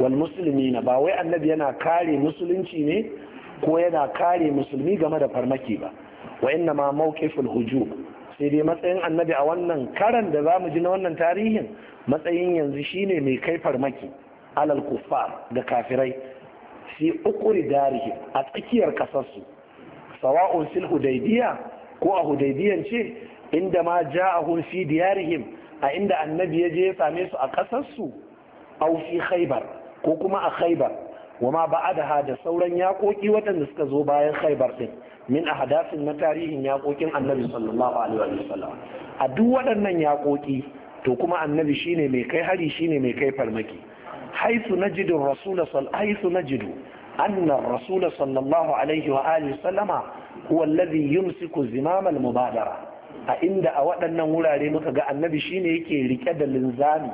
wal musulmi na ba wai annabi yana kare musulunci ne ko yana kare musulmi game da farmaki ba wa inna ma mawqiful hujub sai dai matsayin annabi a wannan karan da za mu ji na wannan tarihin matsayin yanzu shine mai kai farmaki alal kuffar da kafirai fi ukuri darihi a tsakiyar kasarsu sawa'un sil hudaybiya ko a hudaybiyan ce inda ma ja'ahum fi diyarihim a inda annabi ya je ya same su a kasarsu aw fi khaybar ko kuma a khaybar ma ba'adaha da sauran yakoki waɗanda suka zo bayan haibar ɗin, min a hadasin na tarihin yakokin annabi sallallahu alaihi wa sallam a duk waɗannan yakoki to kuma annabi shine mai kai hari shine mai kai farmaki haisu najidu rasul haisu najidu anna rasul sallallahu alaihi wa alihi sallama huwa alladhi yumsiku zimamal mubadara a inda a waɗannan wurare muka ga annabi shine yake rike da linzami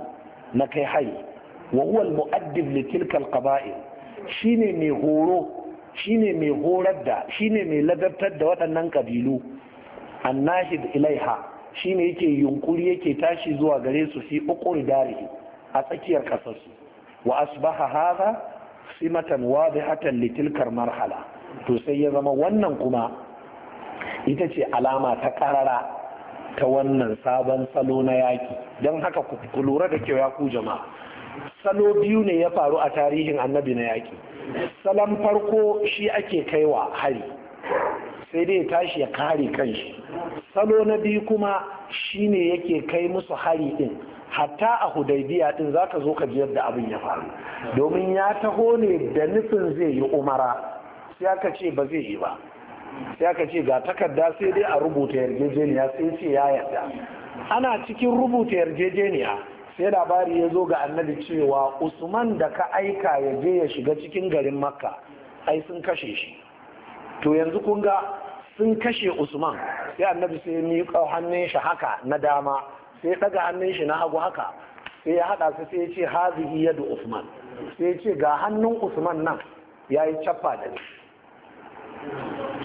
na kai hari wa huwa almu'addib li tilka alqaba'il shine mai horo shine mai horar da shine mai ladabtar da waɗannan kabilu annahid ilaiha shine yake yunkuri yake tashi zuwa gare su fi uqur dari a tsakiyar kasarsu wa asbaha hadha simatan wadihatan litilkar marhala to sai ya zama wannan kuma ita ce alama ta karara ta wannan sabon salo na yaki don haka ku lura da kyau ya ku jama'a salo biyu ne ya faru a tarihin annabi na yaki salon farko shi ake kaiwa hari sai dai tashi ya kare kanshi salo na biyu kuma shi ne yake kai musu hari din hatta a hudaibiya din zaka zo ka ji yadda abin ya faru domin ya taho ne da nufin zai yi umara sai aka ce ba zai yi ba sai aka ce ga takarda sai dai a rubuta yarjejeniya sai ce ya yarda ana cikin rubuta yarjejeniya sai labari ya zo ga annabi cewa usman da ka aika ya je ya shiga cikin garin makka ai sun kashe shi to yanzu kun ga sun kashe usman sai annabi sai miƙa hannun shi haka na dama sai ya daga hannun shi na hagu haka sai ya hada su sai ya ce hazihi yadu usman sai ya ce ga hannun usman nan ya yi cappa da ni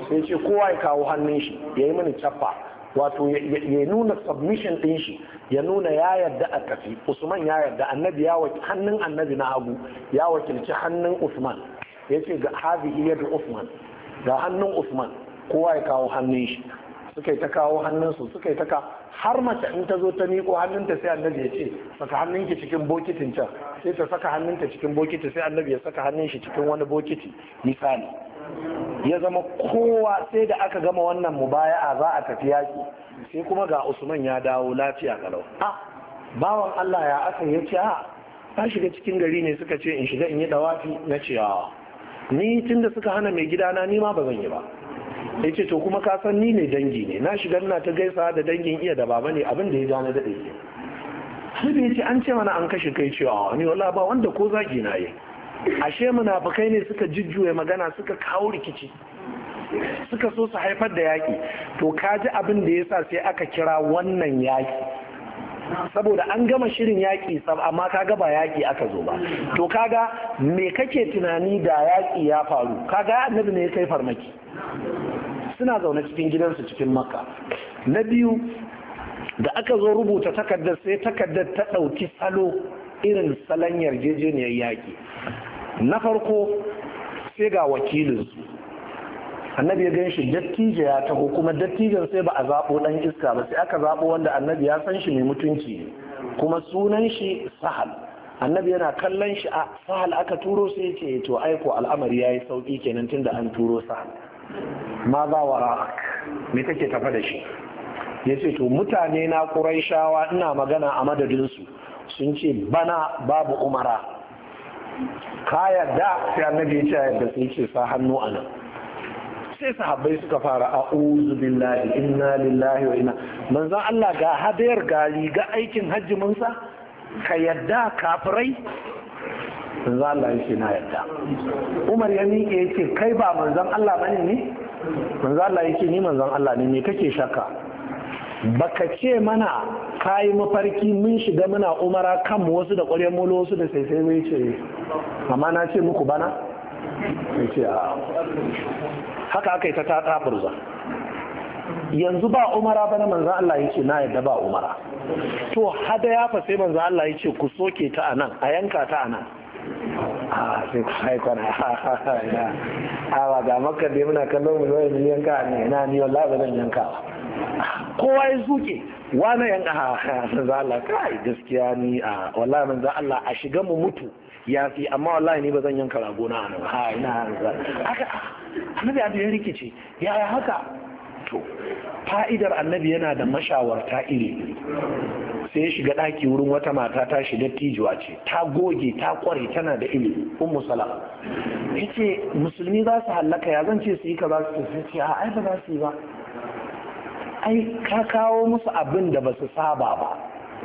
sai ce kowa ya kawo hannun shi ya yi mini cappa wato ya nuna submission din shi ya nuna ya yarda a tafi usman ya yarda annabi ya wakil hannun annabi na hagu ya wakilci hannun usman ya ce ga hazihi yadu usman ga hannun usman kowa ya kawo hannun shi suka yi ta kawo hannunsu suka yi ta ka har mace in ta zo ta miƙo hannunta sai annabi ya ce saka hannunki cikin bokitin can sai ta saka hannunta cikin bokiti sai annabi ya saka hannun shi cikin wani bokiti misali ya zama kowa sai da aka gama wannan mubaya'a za a tafi yaƙi sai kuma ga usman ya dawo lafiya kalau a bawan allah ya aka ya ce a ta shiga cikin gari ne suka ce in shiga in yi dawafi na ce ni tun da suka hana mai gidana ni ma ba zan yi ba ya ce to kuma ka san ni ne dangi ne na shiga ina ta gaisa da dangin iya da baba ne abin da ya gane na daɗe ke sai ya ce an ce mana an kashe kai cewa wani wala ba wanda ko zagi na yi ashe munafukai ne suka jujjuya magana suka kawo rikici suka so su haifar da yaƙi to ka ji abin da ya sa sai aka kira wannan yaƙi saboda an gama shirin yaƙi amma kaga ba yaƙi aka zo ba to kaga me kake tunani da yaƙi ya faru kaga annabi ne ya kai farmaki suna zaune cikin gidansu cikin makka na biyu da aka zo rubuta takardar sai takardar ta ɗauki salo irin salon yarjejeniyar yaƙi na farko sai ga wakilinsu annabi ya ganshi dattijo ya taho kuma dattijon sai ba a zaɓo ɗan iska ba sai aka zaɓo wanda annabi ya san shi mai mutunci kuma sunan shi sahal annabi yana kallon shi a sahal aka turo sai ce to aiko al'amari ya yi kenan tunda an turo sahal ma za wa me kake tafa da shi ya ce to mutane na ƙuraishawa ina magana a madadin su sun ce bana babu umara ka da sai annabi ya ce yadda sai ce sa hannu a sai sahabbai suka fara uzu billahi inna lillahi wa inna manzon Allah ga hadayar ga riga aikin hajji mun sa ka yadda kafirai manzon Allah yake na yadda Umar ya miƙe yake kai ba manzon Allah bane ne manzon Allah yake ni manzon Allah ne me kake shaka baka ce mana kayi mafarki mun shiga muna umara kan wasu da ƙwaryen molo wasu da sai sai mai ce amma na ce muku bana ya ce a haka aka yi ta burza yanzu ba umara na manzan Allah ya ce na yadda ba umara to hada ya fasai manzan Allah ya ce ku soke ta a nan a yanka ta a nan a ah, sai ku haiko na a ba ga maka da muna kallon mu zai mu yanka ne na ni wallahi ba zan yanka kowa ya zuke wani yanka a ah, manzan Allah kai gaskiya ni a ah, wallahi manzan Allah a shiga mu mutu ya fi amma wallahi ni ba zan yanka ragona a nan ha ina aka annabi abu ya rikice yi haka to fa'idar annabi yana da mashawarta iri sai ya shiga ɗaki wurin wata mata ta shi dattijuwa ce ta goge ta kware tana da ilimi ummu ya ce musulmi za su hallaka ya zan ce su yi ka za su ce a ai ba za su yi ba ai ka kawo musu abin da ba su saba ba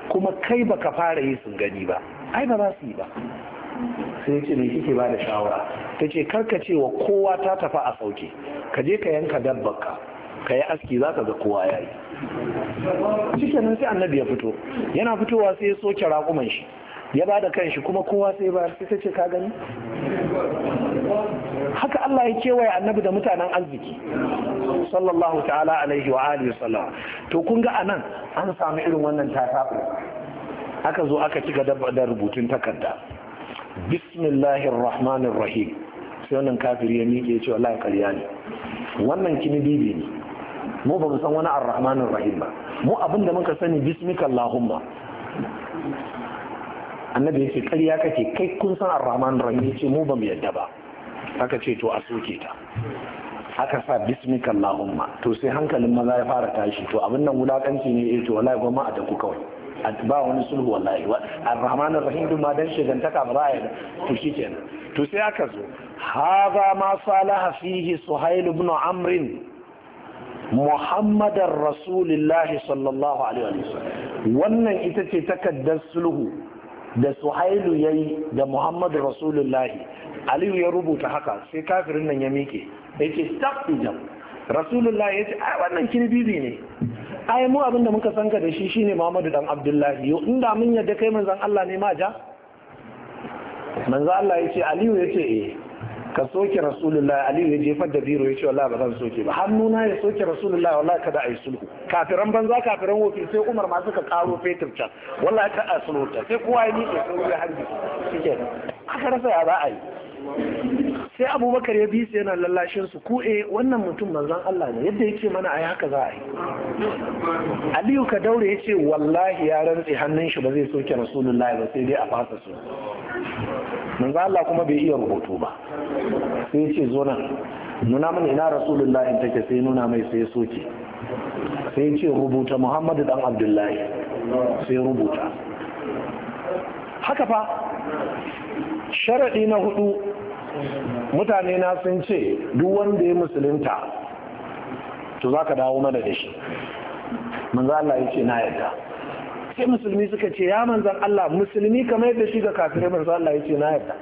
kuma kai ba ka fara yi sun gani ba ai ba za su yi ba sai ce me kike bada shawara ta ce karka ce wa kowa ta tafa a sauke ka je ka yanka dabbarka ka yi aski za ka ga kowa ya yi cikin sai annabi ya fito yana fitowa sai ya soke raƙuman shi ya ba da kanshi kuma kowa sai ba sai ta ce ka gani haka Allah ya kewaye annabi da mutanen arziki sallallahu ta'ala alaihi wa alihi sallam to kun ga anan an samu irin wannan tasabu aka zo aka kika da rubutun takarda bismillahir rahmanir rahim sai wannan kafiri ya miƙe ya cewa la ƙarya ne wannan kini bibi ne mu ba mu san wani arrahmanir rahim ba mu abin da muka sani bismika allahumma annabi ya ce ƙarya kake kai kun san arrahmanir rahim ya ce mu ba mu yadda ba aka ce to a soke ta aka sa bismika allahumma to sai hankalin maza ya fara tashi to abin nan wulakanci ne ya eh, ce wallahi gwamna a taku kawai ba wani sulhu wallahi wa arrahmanir rahim dun ma dan shigantaka ba ra'ayi to shikenan to sai aka zo hadha ma salaha fihi suhail ibn amr muhammadar Rasulillah sallallahu alaihi sallam. wannan ita ce takaddar sulhu da suhailu yayi da muhammadu rasulullah aliyu ya rubuta haka sai kafirin nan ya mike ya ce stop rasulullah ya ce a wannan kirbibi ne ai mu abinda muka san ka da shi shine Muhammadu dan Abdullahi yo inda mun yadda kai manzon Allah ne ma ja manzon Allah yace Aliyu yace eh ka soke rasulullahi Aliyu ya jefar da biro yace wallahi ba zan soke ba hannuna ya soke rasulullahi wallahi kada ai sulhu kafiran banza kafiran wofi sai Umar ma suka karo fetur can wallahi ka a sulhu sai kowa ya miƙe sai ya harbi shike aka rasa ya za a yi sai abubakar ya bi su yana lallashin su ku'e eh, wannan mutum manzon Allah ne yadda yake mana ai haka za a yi Aliyu ka daure ce wallahi ya rantse hannun shi ba zai soke Rasulullahi ba sai dai a fasa su manzon Allah kuma bai iya rubutu ba sai ce zo nan nuna mana ina in take sai nuna mai sai ya soke sai ce rubuta Muhammadu dan Abdullahi sai rubuta haka fa sharaɗi na hudu mutane na sun ce duk wanda ya musulunta to za ka dawo mana da shi manzan Allah ya ce na yadda sai musulmi suka ce ya manzan Allah musulmi kamar yadda shi ga kafirai manzan Allah ya ce na yadda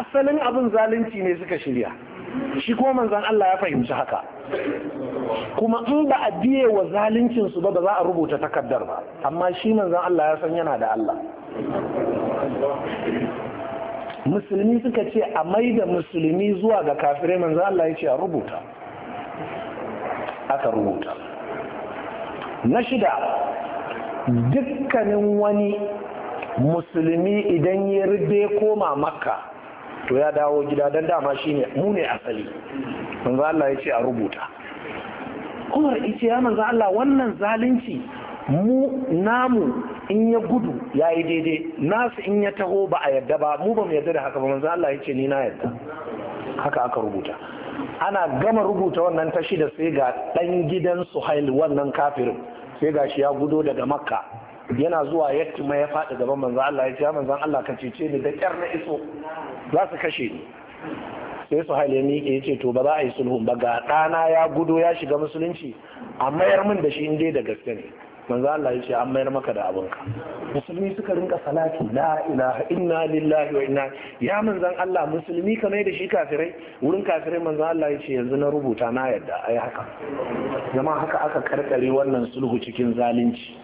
asalin abin zalunci ne suka shirya shi kuma manzan Allah ya fahimci haka kuma in ba a biye wa zaluncin su ba ba za a rubuta takardar ba amma shi manzan Allah ya san yana da Allah musulmi suka ce a mai da musulmi zuwa ga kafirai manzo Allah ya ce a rubuta aka rubuta na shida dukkanin wani musulmi idan ya rube koma makka to ya dawo gida don dama shine mu ne asali manzo Allah ya ce a rubuta Umar ita ya manzo Allah wannan zalunci mu namu in ya gudu ya yi daidai nasu in ya taho ba a yadda ba mu ba mu yadda da haka ba manzo Allah ya ce ni na yadda haka aka rubuta ana gama rubuta wannan tashi da sai ga dan gidan Suhail wannan kafirin sai ga shi ya gudo daga Makka yana zuwa yatti ma ya faɗi gaban manzo Allah ya ce ya manzo Allah ka cece ni da kyar na iso za su kashe ni sai Suhail ya miƙe ya ce to ba za a yi sulhu ba ga ɗana ya gudu ya shiga musulunci a mayar min da shi in da gaske ne manzo Allah ya ce an mayar maka da abin musulmi suka rinka salati la ilaha inna lillahi wa inna ya manzon Allah musulmi ka mai da shi kafirai wurin kafirai manzo Allah ya ce yanzu na rubuta na yadda ai haka jama'a haka aka karkare wannan sulhu cikin zalunci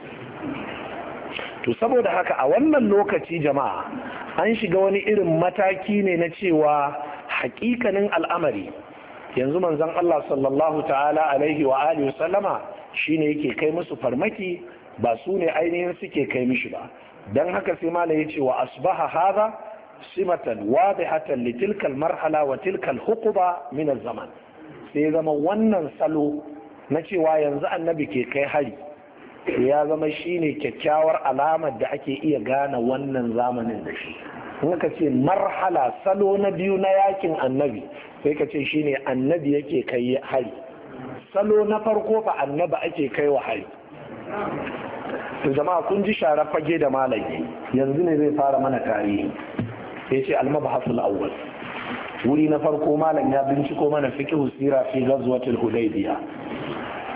to saboda haka a wannan lokaci jama'a an shiga wani irin mataki ne na cewa hakikanin al'amari yanzu manzon Allah sallallahu ta'ala alaihi wa alihi sallama shine yake kai musu farmaki ba su ne ainihin suke kai mishi ba don haka sai malam ya ce wa asbaha hadha simatan wadihatan li tilka marhala wa tilka hukuba min zaman sai zama wannan salo na cewa yanzu annabi ke kai hari ya zama shine kyakkyawar alamar da ake iya gane wannan zamanin da shi in ka ce marhala salo na biyu na yakin annabi sai ka ce shine annabi yake kai hari salo na farko fa annaba ake kai wa hari to jama'a kun ji sharar fage da malami yanzu ne zai fara mana tarihi ya ce almabhasul awwal wuri na farko malam ya binciko mana fiqhu sira fi ghazwatil hudaybiya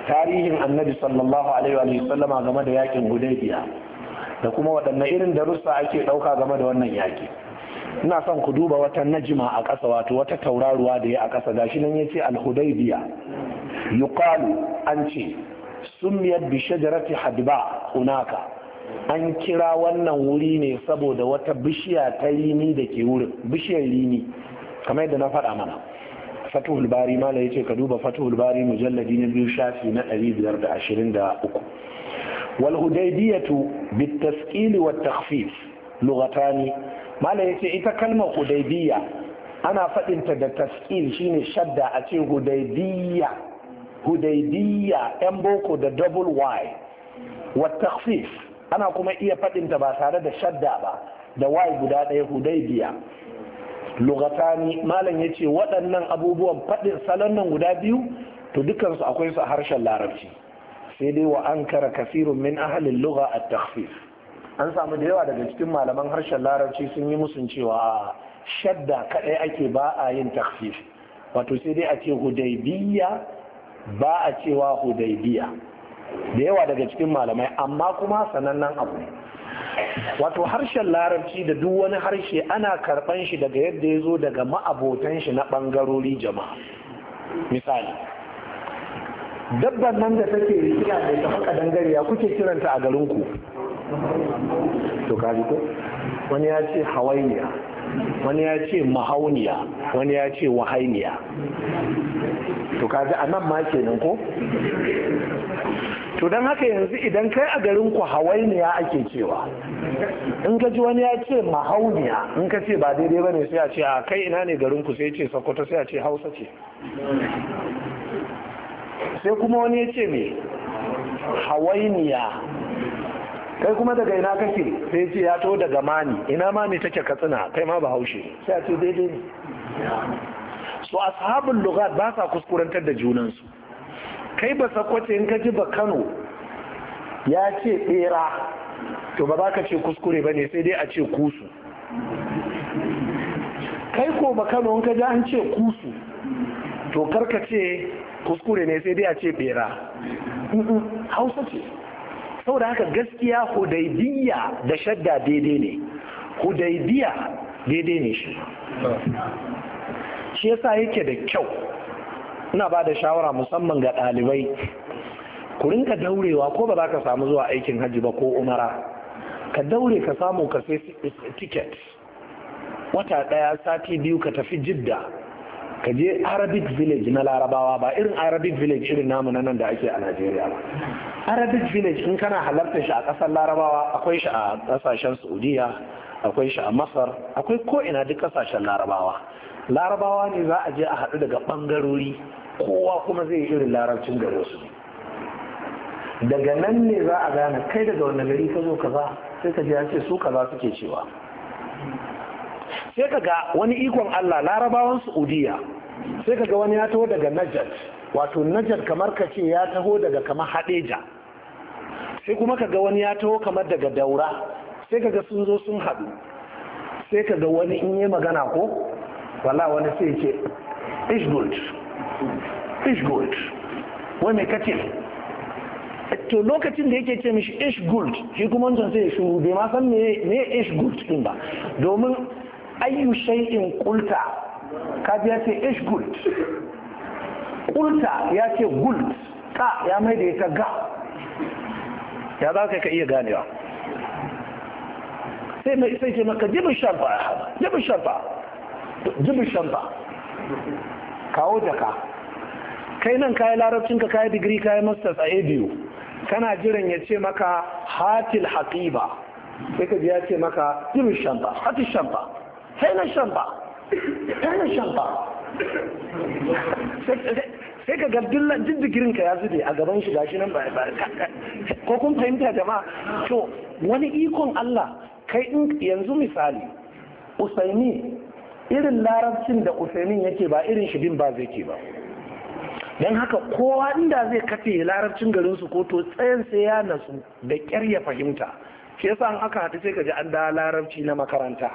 tarihin annabi sallallahu alaihi wa sallama game da yakin hudaybiya da kuma waɗanne irin darussa ake ɗauka game da wannan yaƙin. ina son ku duba wata najima a ƙasa wato wata tauraruwa da ya a ƙasa gashi nan yace al-hudaybiya yuqalu an ce sumiyat bi shajarati hadba hunaka an kira wannan wuri ne saboda wata bishiya ta rini da ke wurin bishiyar rini kamar yadda na faɗa mana fatuhul bari mala yace ka duba fatuhul bari mujalladi na biyu shafi na 523 wal hudaybiyatu bit taskil wat takhfif lughatani mala ya ce ita kalmar Hudaibiya, ana faɗinta da taskil shine shadda a ce Hudaibiya, hudaybiya yan boko da double y wa takfif ana kuma iya faɗinta ba tare da shadda ba da y guda ɗaya hudaybiya lugatani malam ya ce waɗannan abubuwan faɗin salon nan guda biyu to dukansu akwai su a harshen larabci sai dai wa an kara kasirun min ahalin lugha a takfif. an samu da yawa daga cikin malaman harshen larabci sun yi musun cewa shadda kadai ake ba a yin takfif wato sai dai a ce hudaybiya ba a cewa hudaybiya da yawa daga cikin malamai amma kuma sanannen abu wato harshen larabci da duk wani harshe ana karban shi daga yadda ya zo daga ma'abotan shi na bangarori jama'a misali dabban nan da take rikiya mai tafi kadangare ya kuke kiranta a garinku to kaji ko wani ya ce hawainiya wani ya ce mahauniya wani ya ce wahainiya to kaji a nan ma kenan ko to don haka yanzu idan kai a garin ku hawainiya ake cewa in ka ji wani ya ce mahauniya in ka ce ba daidai ba ne sai a ce a kai ina ne garin ku sai ce sokoto sai a ce hausa ce sai kuma wani ya ce me hawainiya kai kuma daga ina kake sai ce ya to daga mani ina mani take katsina kai ma ba haushe sai a ce daidai ne so ashabul lughat ba sa kuskurantar da junansu kai ba sakwace in ka ji ba Kano ya ce bera to ba za ka ce kuskure ba ne sai dai a ce kusu kai ko ba Kano in ka ji an ce kusu to karka ce kuskure ne sai dai a ce bera hausa ce saboda haka gaskiya hudaybiya da shadda daidai ne hudaybiya daidai ne shi shi yasa yake da kyau ina ba da shawara musamman ga ɗalibai ku rinka daurewa ko ba za ka samu zuwa aikin hajji ba ko umara ka daure ka samu ka sai tiket wata ɗaya sati biyu ka tafi jidda ka je arabic village na larabawa ba irin arabic village irin namu nan da ake a najeriya ba arabic village in kana halartar shi a kasar larabawa akwai shi a kasashen saudiya akwai shi a masar akwai ko ina duk kasashen larabawa larabawa ne za a je a haɗu daga bangarori kowa kuma zai yi irin larabcin gare su daga nan ne za a gane kai daga wani gari ka zo kaza sai ka ce su kaza suke cewa sai ka ga wani ikon Allah larabawan Saudiya sai ka ga wani ya taho daga Najat wato Najat kamar ka ce ya taho daga kamar Hadeja sai kuma kaga wani ya taho kamar daga daura sai kaga sun zo sun haɗu sai kaga wani in yi magana ko wala wani sai ce ishgold ishgold wai mai kace to lokacin da yake ce mishi ishgold shi kuma wancan sai ya shuru bai ma san me ishgold din ba domin ayyu shay'in qulta ka ya ce ishgold qulta ya ce gold ka ya mai da ta ga ya za ka iya ganewa sai mai sai ce maka jibin sharfa ya haɗa jibin sharfa jibin sharfa kawo jaka kai nan kayi larabcinka kayi digiri kayi masters a abu kana jiran ya ce maka hatil haƙiba sai ka biya ce maka jibin sharfa hatil sharfa hainan sharfa hainan sharfa sai ka gardin duk digirin ka ya zube a gaban shi gashi nan ba ko kun fahimta jama'a to wani ikon Allah kai in yanzu misali usaini irin larabcin da usainin yake ba irin shi bin ba zai ke ba dan haka kowa inda zai kafe larabcin garin su ko to tsayin sai ya nasu da kyar ya fahimta shi yasa an aka hadu sai ka ji an da larabci na makaranta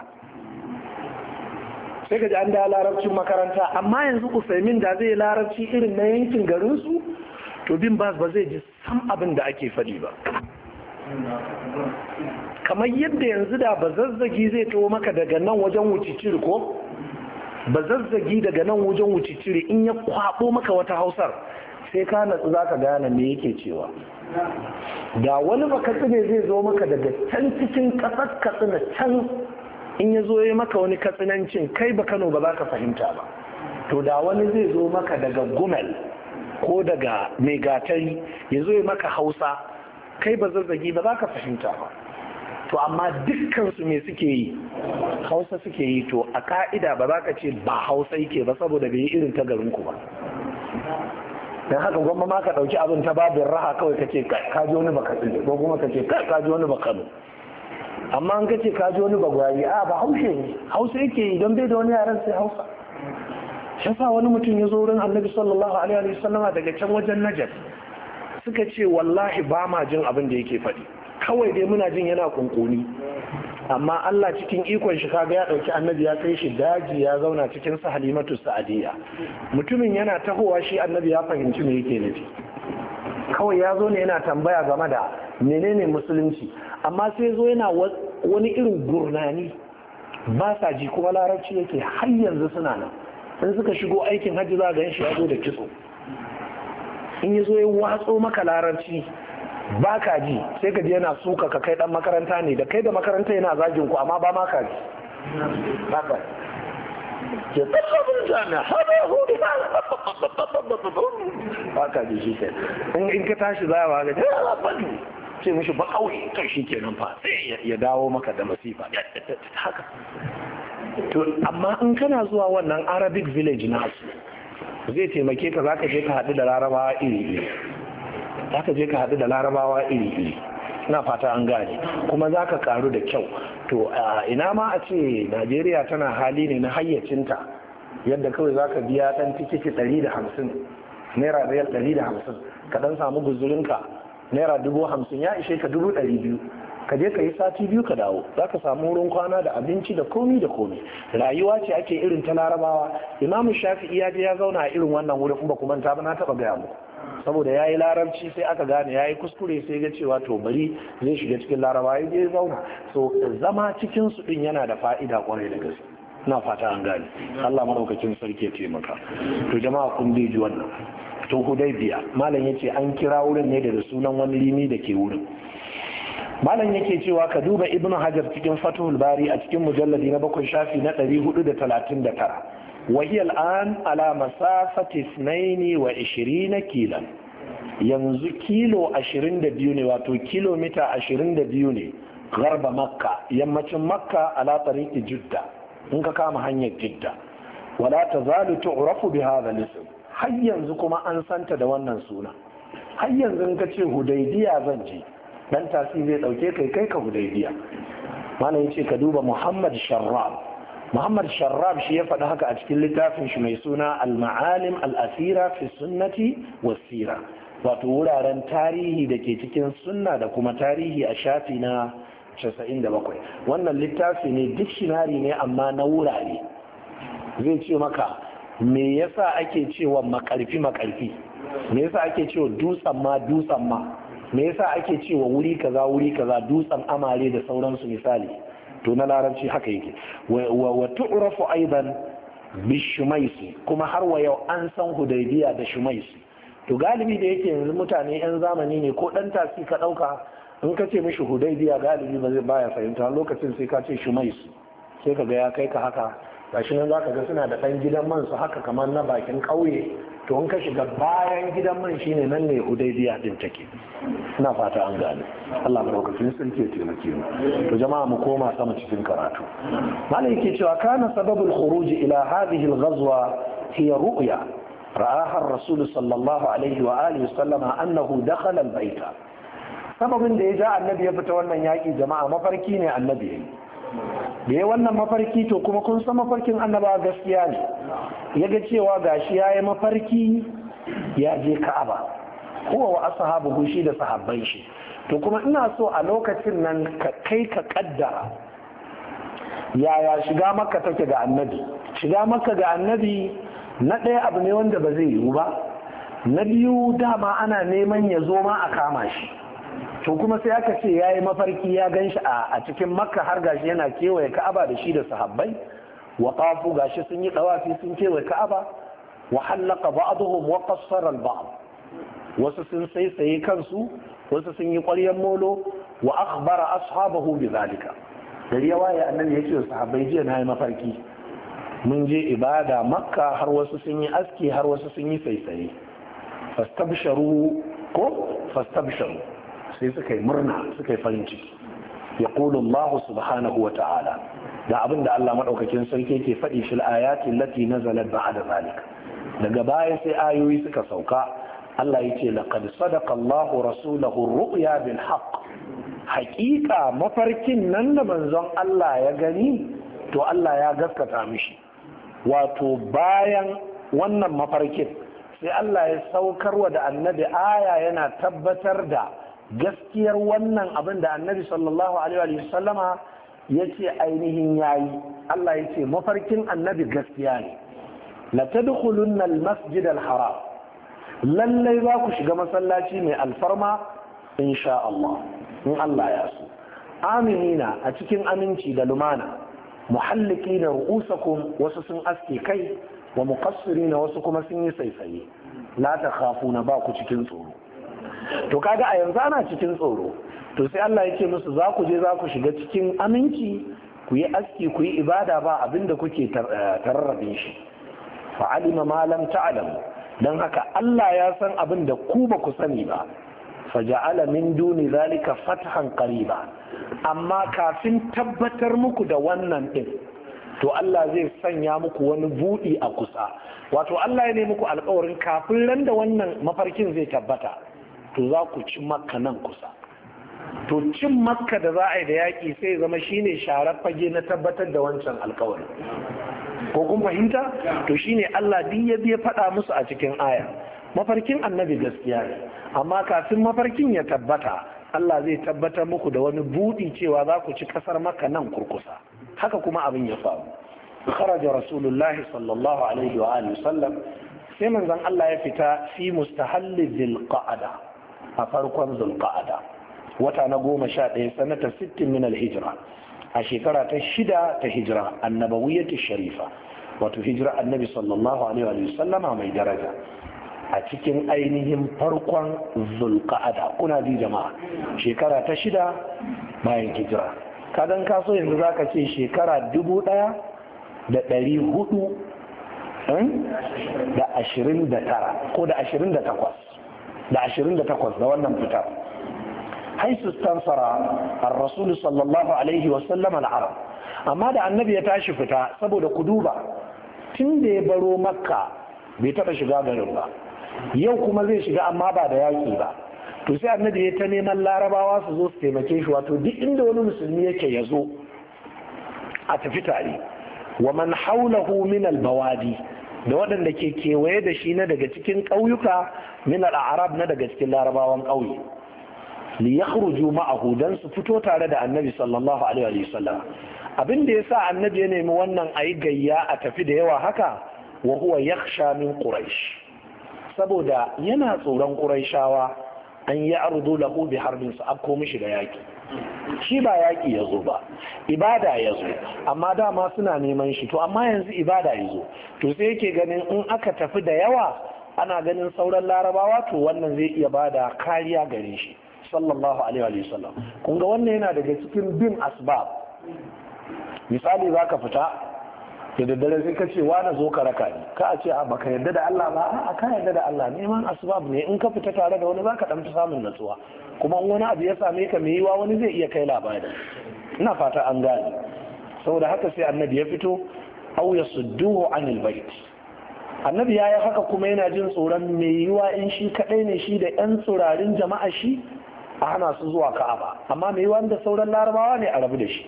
sai ka ji an da larabcin makaranta amma yanzu usaimin da zai larabci irin na yankin garinsu to bin bas ba zai ji sam abin da ake faɗi ba kamar yadda yanzu da bazazzagi zai taho maka daga nan wajen wuciciri ko bazazzagi daga nan wajen wuciciri in ya kwabo maka wata hausar sai ka natsu za ka gane me yake cewa da wani baka ne zai zo maka daga can cikin ƙasar katsina can in ya zo ya maka wani katsinancin kai ba kano ba za ka fahimta ba to da wani zai zo maka daga gumel ko daga mai gatari ya zo ya maka hausa kai ba zazzagi ba za ka fahimta ba to amma dukkansu me suke yi hausa suke yi to a ka'ida ba za ka ce ba hausa yake ba saboda bai yi irin ta garinku ba dan haka gwamma ma ka ɗauki abin ta babin raha kawai ka ce ka ji wani baka ko kuma ka ka ji wani Kano. amma an kace ka ji wani bagwari a ba haushe ne hausa yake don bai da wani yaran sai hausa shafa wani mutum ya zo wurin annabi sallallahu alaihi wa sallama daga can wajen najar suka ce wallahi ba ma jin abin da yake faɗi kawai dai muna jin yana kunkuni amma Allah cikin ikon shi kaga ya dauki annabi ya kai shi daji ya zauna cikin sa halimatu sa'adiyya mutumin yana tahowa shi annabi ya fahimci me yake nufi kawai ya zo ne yana tambaya game da menene musulunci amma sai zo yana wani irin gurnani ba sa ji kuma larabci yake har yanzu suna nan in suka shigo aikin hajji za ga shi ya zo da kitso in ya zo ya watso maka larabci ba ka ji sai ka ji yana suka ka kai dan makaranta ne da kai da makaranta yana zagin ku amma ba ma ka ji ke haɗa ba shi in ka tashi za a ga ce fa ya dawo maka da masifa haka amma in kana zuwa wannan arabic village nasu zai taimake ka za ka je ka haɗu da larabawa iri iri za ka je ka haɗu da larabawa iri iri na fata an gane kuma za ka karu da kyau to ina ma a ce najeriya tana hali ne na hayyacinta yadda kawai za ka biya ɗan tikiti 150 naira biyar 150 ka ɗan samu guzurinka naira dubu hamsin ya ishe ka dubu ɗari biyu ka je ka yi sati biyu ka dawo za ka samu wurin kwana da abinci da komi da komi rayuwa ce ake irin ta larabawa imamu shafi iya je ya zauna a irin wannan wurin kuma kuma ta ba na taba gaya muku saboda ya yi larabci sai aka gane ya yi kuskure sai ga cewa to bari zai shiga cikin larabawa ya je zauna so zama cikin su din yana da fa'ida kwarai da gaske na fata an gane Allah madaukakin sarki ya taimaka to jama'a kun bi ji wannan to biya. malam yace an kira wurin ne daga sunan wani limi da ke wurin malam yake cewa ka duba ibnu hajar cikin fatuhul bari a cikin mujalladi na bakwai shafi na 439 وهي ne wa مسافة 22 kilan. yanzu kilo 22 ne wato kilomita 22 ne garba makka yammacin makka ala tariki jidda in ka kama hanyar jidda wala ta zalu tu'rafu bi hadha al-ism har yanzu kuma an santa da wannan suna har yanzu in ka ce hudaydiya zan je dan tasi zai dauke kai kai ka hudaybiya malam yace ka duba muhammad sharrab muhammad sharrab shi ya faɗi haka a cikin littafin shi mai suna al-ma'alim al-asira fi sunnati was-sira wato wuraren tarihi da ke cikin sunna da kuma tarihi a shafi na 97 wannan littafi ne dictionary ne amma na wurare zai ce maka me yasa ake cewa makarfi makarfi me yasa ake cewa dutsen ma dutsen ma me yasa ake cewa wuri kaza wuri kaza dutsen amare da sauransu misali to na larabci haka yake wa tu'rafu aidan bi shumaisi kuma har wa yau an san hudaybiya da shumaisi to galibi da yake yanzu mutane yan zamani ne ko dan tasi ka dauka in ka ce mishi hudaybiya galibi ba zai baya fahimta lokacin sai ka ce shumaisi sai ka ga ya kai ka haka gashi nan zaka ga suna da dan gidan man su haka kamar na bakin kauye to in ka shiga bayan gidan man ne nan ne hudaybiya din take ina fata an gane Allah madaukakin sarki ya taimake mu to jama'a mu koma sama cikin karatu malai ke cewa kana sababul khuruj ila hadhihi al-ghazwa hiya ru'ya ra'aha ar-rasul sallallahu alaihi wa alihi sallama annahu dakhala al-bayta sababin da ya ja annabi ya fita wannan yaki jama'a mafarki ne annabi yayi da ya wannan mafarki to kuma kun san mafarkin annaba gaskiya ne ya ga cewa gashi ya yi mafarki ya je ka'aba kowa wa ashabu shi da sahabban shi to kuma ina so a lokacin nan ka kai ka kaddara yaya shiga makka take ga annabi shiga maka ga annabi na ɗaya abu ne wanda ba zai yiwu ba na biyu dama ana neman ya zo ma a kama shi to kuma sai aka ce ya yi mafarki ya gan shi a cikin makka har gashi yana kewaye ka'aba da shi da sahabbai wa tafu gashi sun yi tawafi sun kewaye ka'aba wa hallaka ba'dhum wa qassara al-ba'd wasu sun saisaye kansu wasu sun yi ƙwaryen molo wa akhbara ashabahu bi zalika yawa ya annan ya ce sahabbai jiya na yi mafarki mun je ibada makka har wasu sun yi aski har wasu sun yi saisaye fastabsharu ko fastabsharu sai suka yi murna suka yi farin ciki ya Allah subhanahu wa ta'ala da abin da Allah maɗaukakin sarki ke faɗi fil ayati lati nazalat ba'da zalik daga baya sai ayoyi suka sauka Allah yace laqad sadaqa Allahu rasulahu ruqya bil haqq haƙiƙa mafarkin nan da manzon Allah ya gani to Allah ya gaskata mishi wato bayan wannan mafarkin sai Allah ya saukarwa da annabi aya yana tabbatar da gaskiyar wannan abin da annabi sallallahu alaihi wa sallama ya ce ainihin yayi Allah ya ce mafarkin annabi gaskiya ne la tadkhulunna al-masjid al-haram lallai za ku shiga masallaci mai alfarma insha Allah in Allah ya so aminina a cikin aminci da lumana muhalliki na ru'usakum wasu sun aske kai wa muqassiri na wasu kuma sun yi saisaye la takhafuna ba ku cikin tsoro to kaga a yanzu ana cikin tsoro to sai Allah ya ce musu za ku je za ku shiga cikin aminci ku yi aski ku yi ibada ba abinda kuke tarrabe eh, shi fa'alima ma lam ta'lamu dan haka Allah ya san abin da ku ba ku sani ba faja'ala min duni zalika fathan qariba amma kafin tabbatar muku da wannan din to Allah zai sanya muku wani budi a kusa wato Allah ya ne muku alƙawarin kafin randa da wannan mafarkin zai tabbata to za ku ci makka nan kusa to cin makka da za a yi da yaƙi sai zama shine sharar fage na tabbatar da wancan alkawari ko kun fahimta to shine Allah duk ya biya faɗa musu a cikin aya mafarkin annabi gaskiya ne amma kafin mafarkin ya tabbata Allah zai tabbatar muku da wani buɗi cewa za ku ci ƙasar maka nan kurkusa haka kuma abin ya faru kharaja rasulullah sallallahu alaihi wa alihi sallam sai manzon Allah ya fita fi mustahalli dhil qa'ada a farkon zulqa'ada wata na goma sha ɗaya sanata sittin min hijira a shekara ta shida ta hijira annabawiyyati sharifa wato hijira annabi sallallahu alaihi wa sallama mai daraja a cikin ainihin farkon zulqa'ada kuna ji jama'a shekara ta shida bayan hijira kadan kaso yanzu ka ce shekara dubu ɗaya da ɗari hudu hmm? da ashirin da tara ko da ashirin da takwas da 28 da wannan fitar haisu stansara ar-rasul sallallahu alaihi wa al-arab amma da annabi ya tashi fita saboda kuduba tun da ya baro makka bai taba shiga garin ba yau kuma zai shiga amma ba da yaki ba to sai annabi ya ta neman larabawa su zo su taimake shi wato duk inda wani musulmi yake ya zo a tafi tare wa man haulahu min al-bawadi da waɗanda ke kewaye da shi na daga cikin ƙauyuka min al-arab na daga cikin larabawan ƙauye li yakhruju ma'ahu dan su fito tare da annabi sallallahu alaihi wa sallam abin da yasa annabi ya nemi wannan ayi gayya a tafi da yawa haka wa huwa yakhsha min quraish saboda yana tsoron quraishawa an ya ardu lahu bi harbin su akko mishi da yaki shi ba yaƙi ya zo ba ibada ya zo amma dama suna neman shi to amma yanzu ibada ya zo to sai yake ganin in aka tafi da yawa ana ganin sauran larabawa to wannan zai iya ba da kariya gare shi sallallahu alaihi wa sallam kun ga wannan yana daga cikin bin asbab misali za ka fita sai da dare sai ka ce wa na zo ka raka ni ka a ce a baka yarda da Allah ba a ka yarda da Allah neman asbab ne in ka fita tare da wani zaka dan samun natsuwa kuma in wani abu ya same ka mai yiwa wani zai iya kai labari ina fata an gane saboda haka sai annabi ya fito aw yasudduhu anil bait annabi ya yi haka kuma yana jin tsoron mai yiwa in shi kadai ne shi da yan tsorarin jama'a shi a hana su zuwa ka'aba amma mai yiwa da sauran larabawa ne a rabu da shi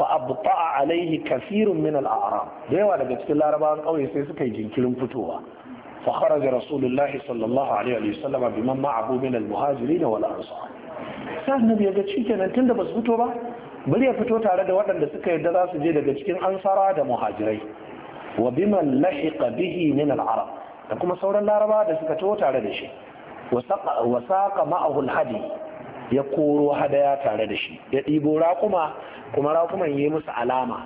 fa abta'a alaihi kasirun min al da yawa daga cikin larabawan ƙauye sai suka yi jinkirin fitowa fa kharaja rasulullahi sallallahu alaihi wa sallama biman ma'abu min al-muhajirin wal ansar sai annabi ya ga shikenan tunda basu fito ba bari ya fito tare da waɗanda suka yarda za su je daga cikin ansara da muhajirai wa biman lahiqa bihi min al-arab da kuma sauran laraba da suka taho tare da shi wa saqa ma'ahu al-hadi ya koro hadaya tare da shi ya ɗibo raƙuma kuma raƙuman yi musu alama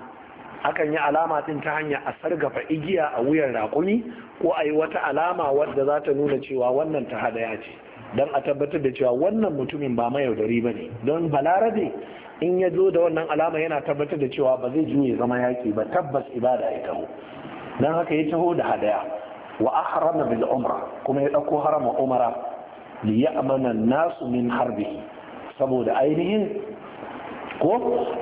akan yi alama ɗin ta hanyar a sargafa igiya a wuyan raƙumi ko a yi wata alama wadda za ta nuna cewa wannan ta hadaya ce don a tabbatar da cewa wannan mutumin ba mayaudari ba ne don balarabe in ya zo da wannan alama yana tabbatar da cewa ba zai juye zama yaƙi ba tabbas ibada ya taho don haka ya taho da hadaya wa ahrama bil umra kuma ya ɗauko harama umara li ya'mana nasu min harbihi saboda ainihin ko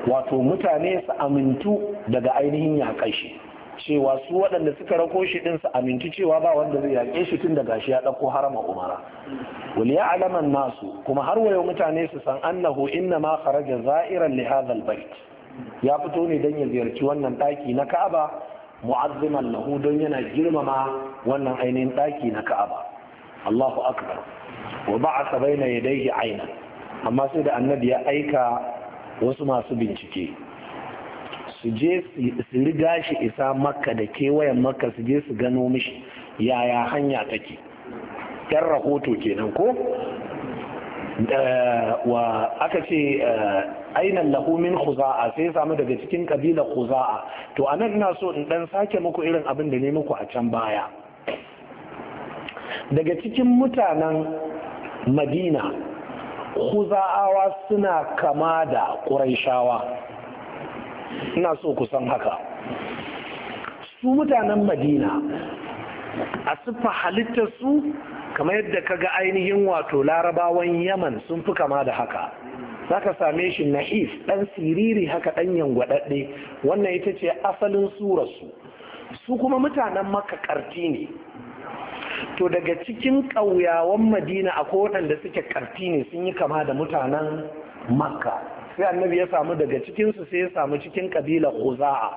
wato mutane su amintu daga ainihin yaƙai shi cewa su waɗanda suka rako shi ɗin su amintu cewa ba wanda zai yaƙe shi tun daga shi ya ɗauko harama umara wal ya alaman nasu kuma har wayo mutane su san annahu inna ma kharaja za'iran li hadha bait ya fito ne dan ya ziyarci wannan ɗaki na Ka'aba mu'azziman lahu don yana girmama wannan ainihin ɗaki na Ka'aba Allahu akbar wa ba'atha bayna yadayhi aina, amma sai da annabi ya aika wasu masu bincike su je su riga shi isa makka da kewayen makka su je su gano mishi yaya hanya take yan rahoto kenan ko wa aka ce eh, ainan lahumin kuza'a sai samu daga cikin kabilar kuza'a to anan ina so in dan sake muku irin abin da ne muku a can baya daga cikin mutanen madina huza'awa suna kama da ƙuraishawa ina so ku san haka su mutanen madina a siffa su kamar yadda ka ga ainihin wato larabawan yaman sun fi kama da haka za ka same shi na'if ɗan siriri haka ɗan yangwaɗaɗɗe wannan ita ce asalin surarsu su kuma mutanen makakarti ne to daga cikin ƙauyawan madina a waɗanda suke karfi ne sun yi kama da mutanen makka sai annabi ya samu daga cikinsu sai ya samu cikin ƙabilar huza'a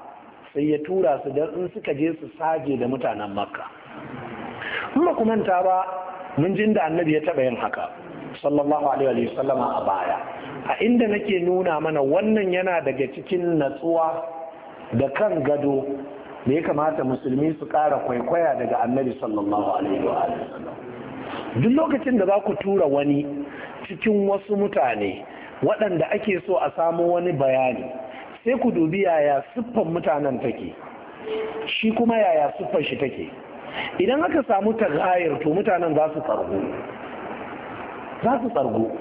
sai ya tura su don in suka je su sage da mutanen makka Kuma baku manta ba mun jin da annabi ya taɓa yin haka sallallahu alaihi wa a baya a inda nake nuna mana wannan yana daga cikin natsuwa da kan gado da ya kamata musulmi su ƙara kwaikwaya daga annabi sallallahu alaihi wa duk lokacin da za ku tura wani cikin wasu mutane waɗanda ake so a samu wani bayani sai ku dubi yaya siffan mutanen take shi kuma yaya siffan shi take idan aka samu tagayar to mutanen za su tsargu za su tsargu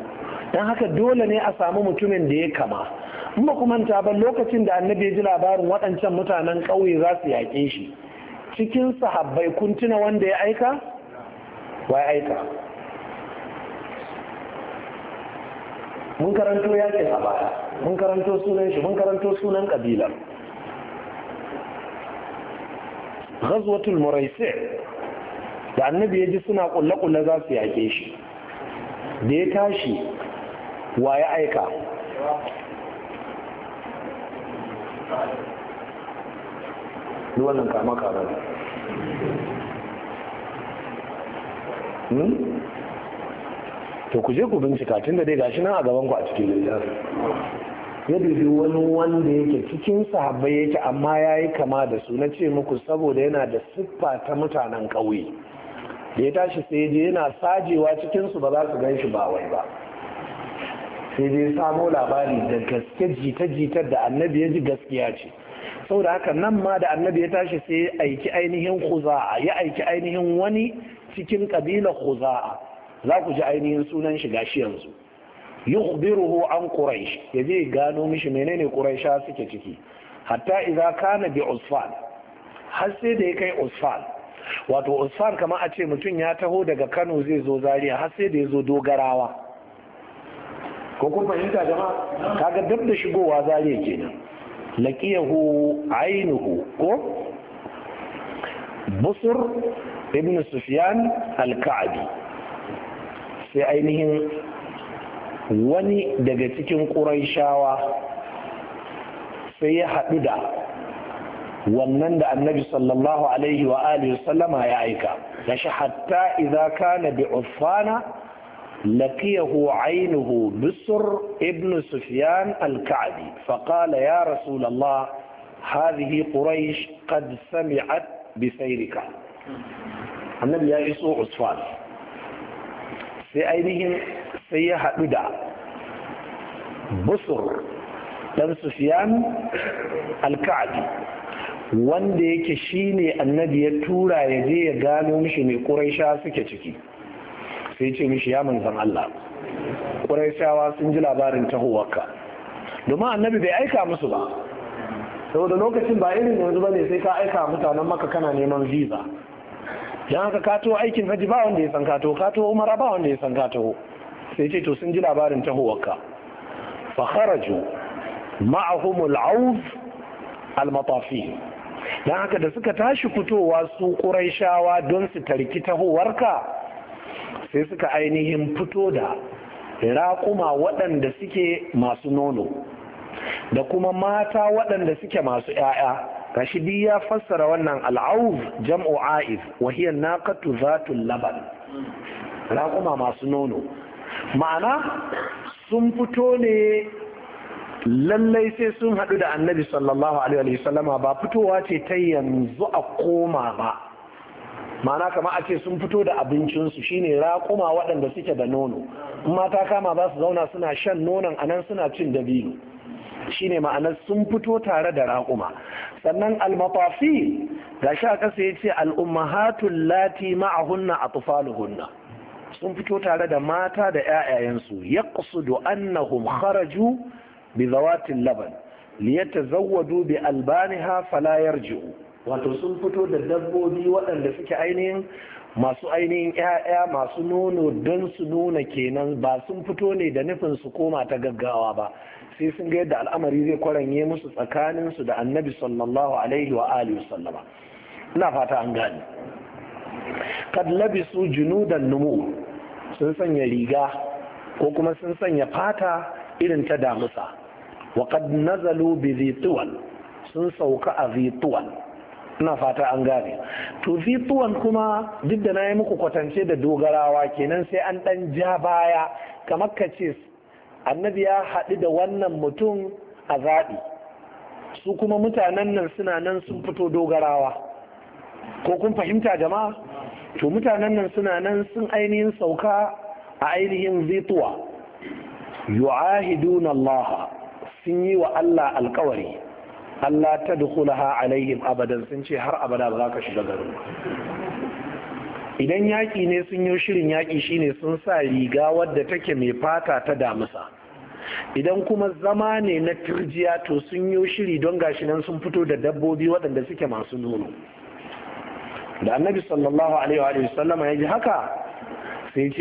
don haka dole ne a samu mutumin da ya kama Kuma ba ku manta ba lokacin da annabi ya ji labarin waɗancan mutanen ƙauye za su yaƙe shi cikin sahabbai kun tuna wanda ya aika wa ya aika mun karanto yaƙin a baya mun karanto sunan shi mun karanto sunan ƙabilar ghazwatul muraisi da annabi ya ji suna kulle-kulle za su yaƙe shi da ya tashi wa ya aika wannan kama kama ne hmm? to ku je ku bincika tun da dai gashi nan a gaban ku a cikin littafi ya dubi wani wanda yake cikin sahabbai yake amma ya yi kama da su na ce muku saboda yana da siffa ta mutanen ƙauye da ya tashi sai je yana sajewa cikinsu ba za su gan shi ba wai ba sai dai samo labari da gaske jita-jitar da annabi ya ji gaskiya ce saboda haka nan ma da annabi ya tashi sai ya aiki ainihin kuza'a ya aiki ainihin wani cikin kabilar kuzaa za ku ji ainihin sunan shi gashi yanzu yukhbiruhu an ya je gano mishi menene quraisha suke ciki hatta idza kana bi usfan har sai da ya kai usfan wato usfan kamar a ce mutum ya taho daga Kano zai zo zariya har sai da ya zo dogarawa ko kuma fahimta jama'a kaga duk da shigowa yake kenan laqiyahu ainuhu ko busur ibn sufyan al-ka'bi sai ainihin wani daga cikin ƙuraishawa sai ya hadu da wannan da annabi sallallahu alaihi wa alihi wasallama ya aika ya shi hatta idza kana bi uffana لقيه عينه busur ابن سفيان الكعبي فقال يا رسول الله هذه قريش قد سمعت بسيرك annabi ya iso usfan sai ainihin sai ya haɗu da busur ɗan sufiyan alka'adi wanda yake shine annabi ya tura ya je ya gano mishi mai ƙuraisha suke ciki sai ce mishi ya manzan Allah shawa sun ji labarin tahowarka domin annabi bai aika musu ba saboda lokacin ba irin yanzu ba ne sai ka aika mutanen maka kana neman visa don haka kato aikin haji ba wanda ya san kato kato umara ba wanda ya san kato sai ce to sun ji labarin tahowarka fa kharaju ma'ahum al-awf al-matafi don haka da suka tashi fitowa su shawa don su tarki tahowarka sai suka ainihin fito da raƙuma waɗanda suke masu nono da kuma mata waɗanda suke masu ‘ya'ya kashi biyu ya fassara wannan al'auf jam’o a'if wahiyar za tu laban raƙuma masu nono ma'ana sun fito ne lallai sai sun haɗu da annabi sallallahu alaihi wasallama ba fitowa ce ta yanzu a koma ba ma'ana kama a ce sun fito da abincinsu shine raƙuma waɗanda suke da nono mata kama za su zauna suna shan nonon anan suna cin dabino shine ma'anar sun fito tare da raƙuma sannan almatafi ga sha ƙasa ya ce al'ummahatun lati ma'ahunna a tufaluhunna sun fito tare da mata da 'ya'yayensu ya ƙasudu annahum kharaju bi zawatin laban liyata zawwadu bi albaniha falayar ji'u wato sun fito da dabbobi waɗanda suke ainihin masu ainihin 'ya'ya masu nono don su nuna kenan ba sun fito ne da nufin su koma ta gaggawa ba sai sun ga yadda al'amari zai kwaranye musu tsakanin su da annabi sallallahu alaihi wa alihi sallama ina fata an gani. kad labisu junudan numu sun sanya riga ko kuma sun sanya fata irin ta damusa wa kad nazalu bi sun sauka a zituwan na fata an gane to fituwan kuma duk da na yi muku kwatance da dogarawa kenan sai an ɗan ja baya kamar ka ce annabi ya haɗu da wannan mutum a zaɓi su kuma mutanen nan suna nan sun fito dogarawa ko kun fahimta jama'a to mutanen nan suna nan sun ainihin sauka a ainihin zituwa yu'ahiduna Allah sun yi wa Allah alkawari Allah ta dukulaha alaihim abadan sun ce har abada ba za ka shiga garin idan yaƙi ne sun yi shirin yaƙi ne sun sa riga wadda take mai fata ta damusa idan kuma zama ne na turjiya to sun yi shiri don gashi nan sun fito da dabbobi waɗanda suke masu nono da annabi sallallahu alaihi wa sallama ya ji haka sai ce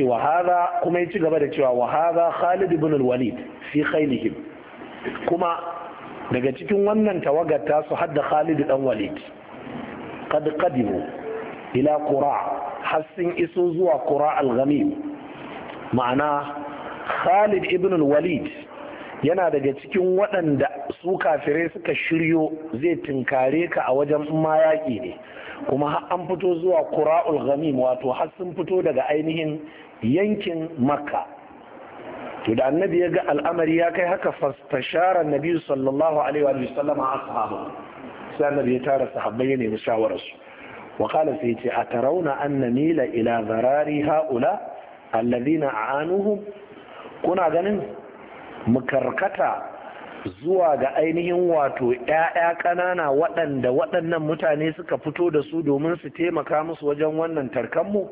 kuma ya ci gaba da cewa wahara khalid ibn walid fi khailihim kuma daga cikin wannan tawagar su hadda Khalid dan Walid qad qadimu ila qura har sun iso zuwa qura al-ghamim ma'ana Khalid ibn al-Walid yana daga cikin waɗanda su kafirai suka shiryo zai tinkare ka a wajen ma yaƙi ne kuma an fito zuwa al ghamim wato har sun fito daga ainihin yankin makka to da annabi ya ga al'amari ya kai haka fastashara annabi sallallahu alaihi wa sallam ashabu sai annabi ya tara sahabbai ya nemi shawararsu wa qala sai ce atarauna anna mila ila zarari haula alladhina aanuhum kuna ganin mu karkata zuwa ga ainihin wato ‘ya'ya ƙanana waɗanda waɗannan mutane suka fito da su domin su taimaka musu wajen wannan tarkanmu?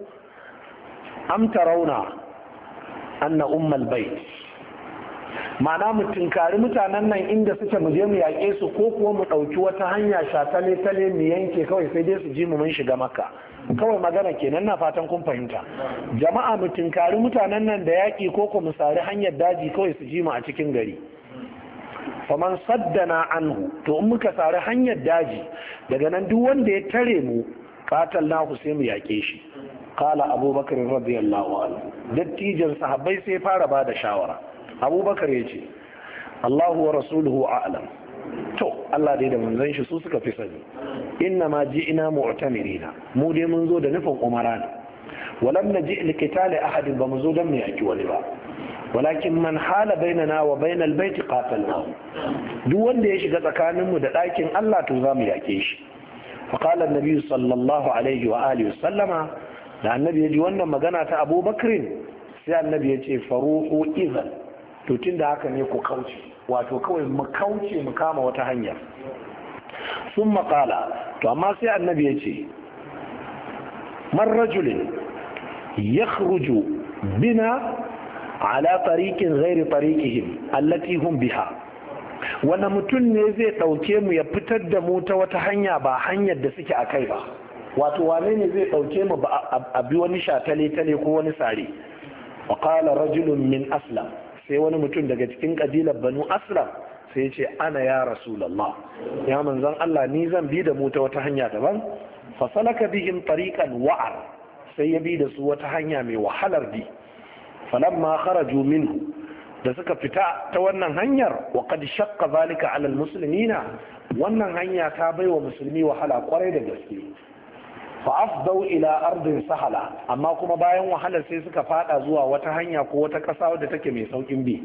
Amta tarauna anna ummal bait ma'ana mu tunkari mutanen nan inda suke mu je mu yaƙe su ko kuwa mu ɗauki wata hanya shatale tale mu yanke kawai sai dai su ji mu mun shiga makka kawai magana kenan na fatan kun fahimta jama'a mu tunkari mutanen nan da yaƙi ko ku mu sari hanyar daji kawai su ji mu a cikin gari faman saddana anhu to in muka sari hanyar daji daga nan duk wanda ya tare mu katal nahu sai mu yaƙe shi qala abubakar radiyallahu anhu dattijan sahabbai sai fara ba da shawara abubakar ya ce allahu wa rasuluhu a'lam to allah dai da manzon shi su suka fi sani inna ma ji'ina mu'tamirina mu dai mun zo da nufin umara ne walam naji likitali ahadin ba mu zo don mu yaki wani ba walakin man hala bainana wa bainal baiti qatalna duk wanda ya shiga tsakanin mu da ɗakin Allah to za mu yake shi an-nabiy sallallahu صلى wa alihi wa sallama. da annabi ya ji wannan magana ta abu sai annabi ya ce faruhu izan to tun da haka ne ku kauce wato kawai mu kauce mu kama wata hanya sun makala to amma sai annabi ya ce man rajulin ya bina ala tariqin ghairi tariqihim allati hum biha wani mutum ne zai ɗauke mu ya fitar da mu ta wata hanya ba hanyar da suke a kai ba wato wane ne zai ɗauke mu a bi wani shatale-tale ko wani sare waƙala rajulun min aslam sai wani mutum daga cikin ƙabilar banu aslam sai ce ana ya rasulallah ya manzan allah ni zan bi da mu ta wata hanya daban fasalaka bihim tariqan wa'ar sai ya bi da su wata hanya mai wahalar bi falamma kharaju minhu da suka fita ta wannan hanyar wa qad shaqqa zalika ala almuslimina wannan hanya ta baiwa musulmi wahala kwarai da gaske fa afdau ila ardin sahala amma kuma bayan wahalar sai suka fada zuwa wata hanya ko wata ƙasa wadda take mai saukin bi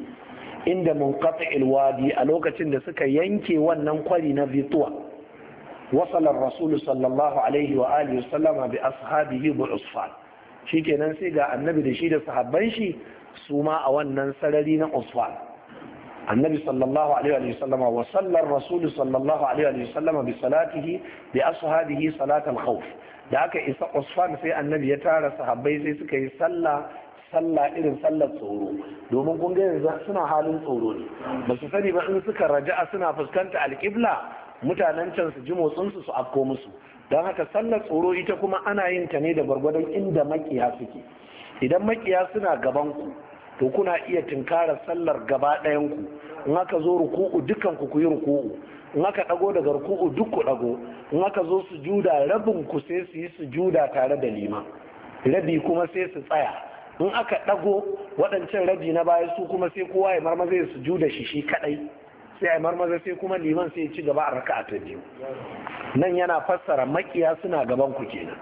inda mun munqati'il ilwadi a lokacin da suka yanke wannan kwari na vituwa, wasalar rasul sallallahu alaihi wa alihi sallama bi ashabihi bi usfan shikenan sai ga annabi da shi da sahabban shi su ma a wannan sarari na usfan annabi sallallahu alaihi wa sallama wa sallar rasul sallallahu alaihi wa sallama bi salatihi bi ashabihi salatal khawf da aka isa usfan sai annabi ya tara sahabbai sai suka yi sallah sallah irin sallar tsoro domin kun ga yanzu suna halin tsoro ne ba su sani ba in suka raja'a suna fuskanta alƙibla mutanen can su ji motsin su su afko musu don haka sallar tsoro ita kuma ana yin ta ne da gwargwadon inda makiya suke idan makiya suna gaban ku to kuna iya tinkara sallar gaba ɗayan ku in aka zo ruku'u dukan ku ku yi ruku'u in aka ɗago daga ruku'u duk ku ɗago, in aka zo su juda rabin ku sai su yi su juda tare da lima rabi kuma sai su tsaya in aka ɗago waɗancan rabi na baya su kuma sai kowa ya marmaza ya juda shi shi kadai sai ya marmaza sai kuma liman sai ya ci gaba a raka'a ta biyu nan yana fassara makiya suna gaban ku kenan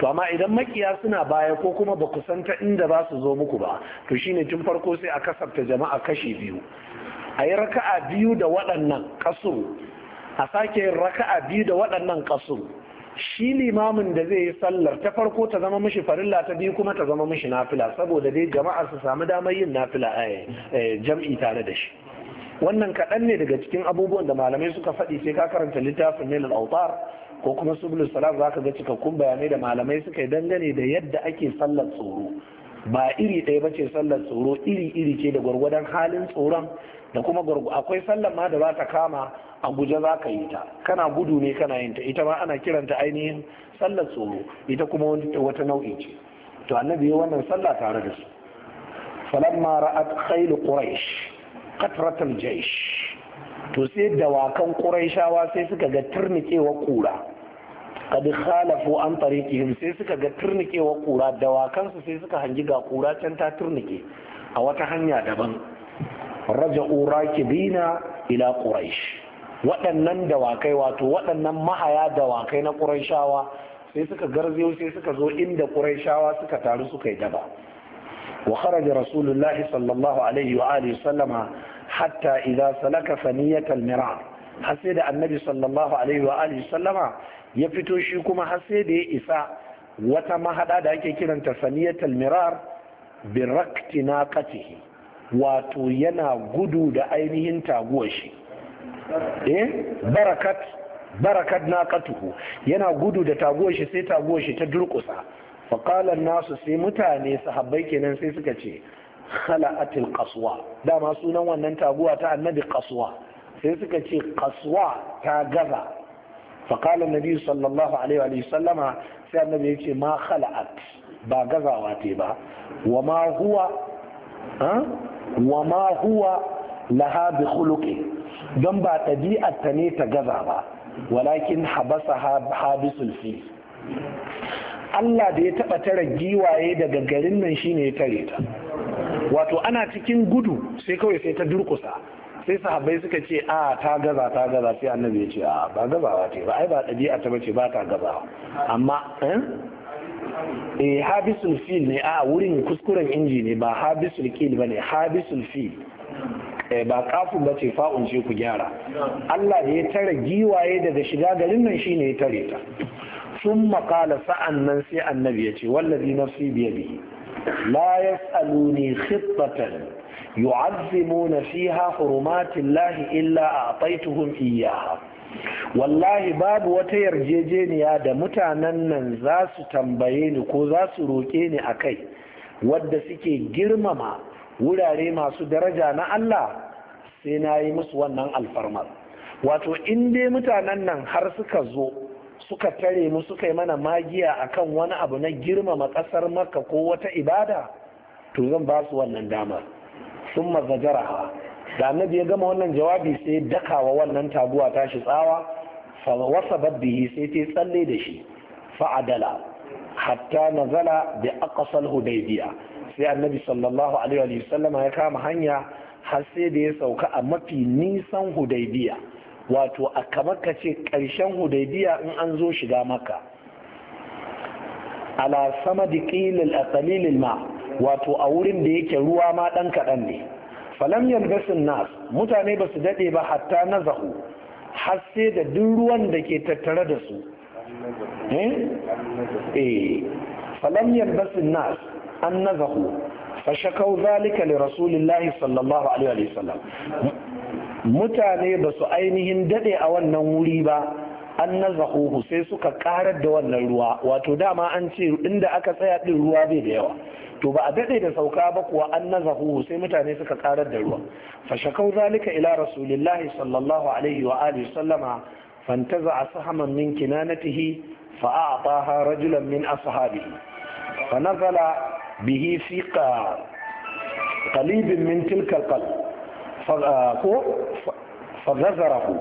to amma idan makiya suna baya ko kuma ba ku san ta inda za su zo muku ba to shine tun farko sai a kasafta jama'a kashi biyu a yi raka'a biyu da waɗannan ƙasu a sake yin raka'a biyu da waɗannan ƙasuru, shi limamin da zai yi sallar ta farko ta zama mishi farilla ta biyu kuma ta zama mishi nafila saboda dai jama'ar su samu damar yin nafila a eh, eh, jam'i tare da shi wannan kaɗan ne daga cikin abubuwan da malamai suka faɗi sai ka karanta littafin al autar ko kuma subulus salam za ka ga cikakkun bayanai da malamai suka yi dangane da yadda ake sallar tsoro ba iri ɗaya ba ce sallar tsoro iri iri ce da gwargwadon halin tsoron da kuma gurgu akwai sallar ma da za ka kama a guje za ka yi ta kana gudu ne kana yin ta ita ma ana kiranta ainihin sallar tsoro ita kuma wata nau'i ce to annabi ya wannan sallah tare da su falamma ra'at khayl quraish qatratul jaysh to sai dawakan quraishawa sai suka ga turnikewa kura kad khalafu an tariqihim sai suka ga turnikewar kura dawakan su sai suka hangi ga kura can ta turnike a wata hanya daban raja'u rakibina ila quraish waɗannan dawakai wato waɗannan mahaya dawakai na ƙuraishawa sai suka garzayo sai suka zo inda ƙuraishawa suka taru suka yi daba wa kharaja rasulullah sallallahu alaihi wa alihi sallama hatta idza salaka saniyat al-mirar har sai da annabi sallallahu alaihi wa alihi sallama ya fito shi kuma har sai da ya isa wata mahada da ake kiranta saniyat al-mirar bi raqti naqatihi wato yana gudu da ainihin taguwar shi eh barakat barakat na katuhu yana gudu da taguwar shi sai taguwar shi ta durkusa Faƙalar nasu sai mutane sahabbai kenan sai suka ce khala'atil kasuwa. dama sunan wannan taguwa ta annabi qaswa sai suka ce qaswa ta gaza Faƙalar nabi sallallahu alaihi wa sallama sai annabi ya ce ma khala'at ba gazawa te ba wa ma huwa wa ma huwa laha bi khuluqi don ba ɗabi'ata ta ne ta gaza ba walakin habasa habisul fi Allah da ya taɓa tare giwaye daga garin nan shine ya tare ta wato ana cikin gudu sai kawai sai ta durkusa sai sahabbai suka ce a ta gaza ta gaza sai annabi ya ce a ba gazawa ce ba ai ba ɗabi'a ta bace ba ta gazawa amma eh? eh habisul fil ne a ah, wurin kuskuren inji ne ba habisul kil bane habisul fil eh ba kafu ba ce ce ku gyara Allah ya tare giwaye daga shiga garin nan shine ya tare ta summa qala sa'annan sai annabi yace wallazi nafsi biyadi la yas'aluni khittatan yu'azzimuna fiha hurumatillahi illa a'taytuhum iyyaha wallahi babu wata yarjejeniya da mutanen nan za su tambaye ni ko za su roƙe ni a kai wadda suke girmama wurare masu daraja na Allah sai na yi musu wannan alfarmar wato in dai mutanen nan har suka zo suka tare mu suka yi mana magiya akan wani abu na girmama ƙasar Makka ko wata ibada to zan ba su wannan damar sun mazajara da annabi ya gama wannan jawabi sai dakawa wannan taguwa tashi tsawa fa wasabat bihi sai ta tsalle da shi fa adala hatta nazala bi aqsal hudaybiya sai annabi sallallahu alaihi wa sallam ya kama hanya har sai da ya sauka a mafi nisan hudaybiya wato a kamar ka ce ƙarshen hudaybiya in an zo shiga makka ala sama da ƙilil a ma wato a wurin da yake ruwa ma ɗan kaɗan ne falam yalbasin nas mutane ba su dade ba hatta nazahu har sai da duk ruwan da ke tattare da su eh, eh. falam yalbasin nas an nazahu fashakau zalika li rasulillahi sallallahu alaihi wasallam mutane ba su ainihin dade a wannan wuri ba an nazahuhu sai suka karar da wannan ruwa wato dama an ce inda aka tsaya din ruwa bai da yawa to ba a daɗe da sauka ba kuwa an nazahuhu sai mutane suka karar da ruwa fa shakau zalika ila rasulillahi sallallahu alaihi wa alihi sallama fantaza sahaman min kinanatihi fa a'taha rajulan min ashabihi fa nazala bihi fi qalibin min tilka alqalb fa ah, ko fa nazarahu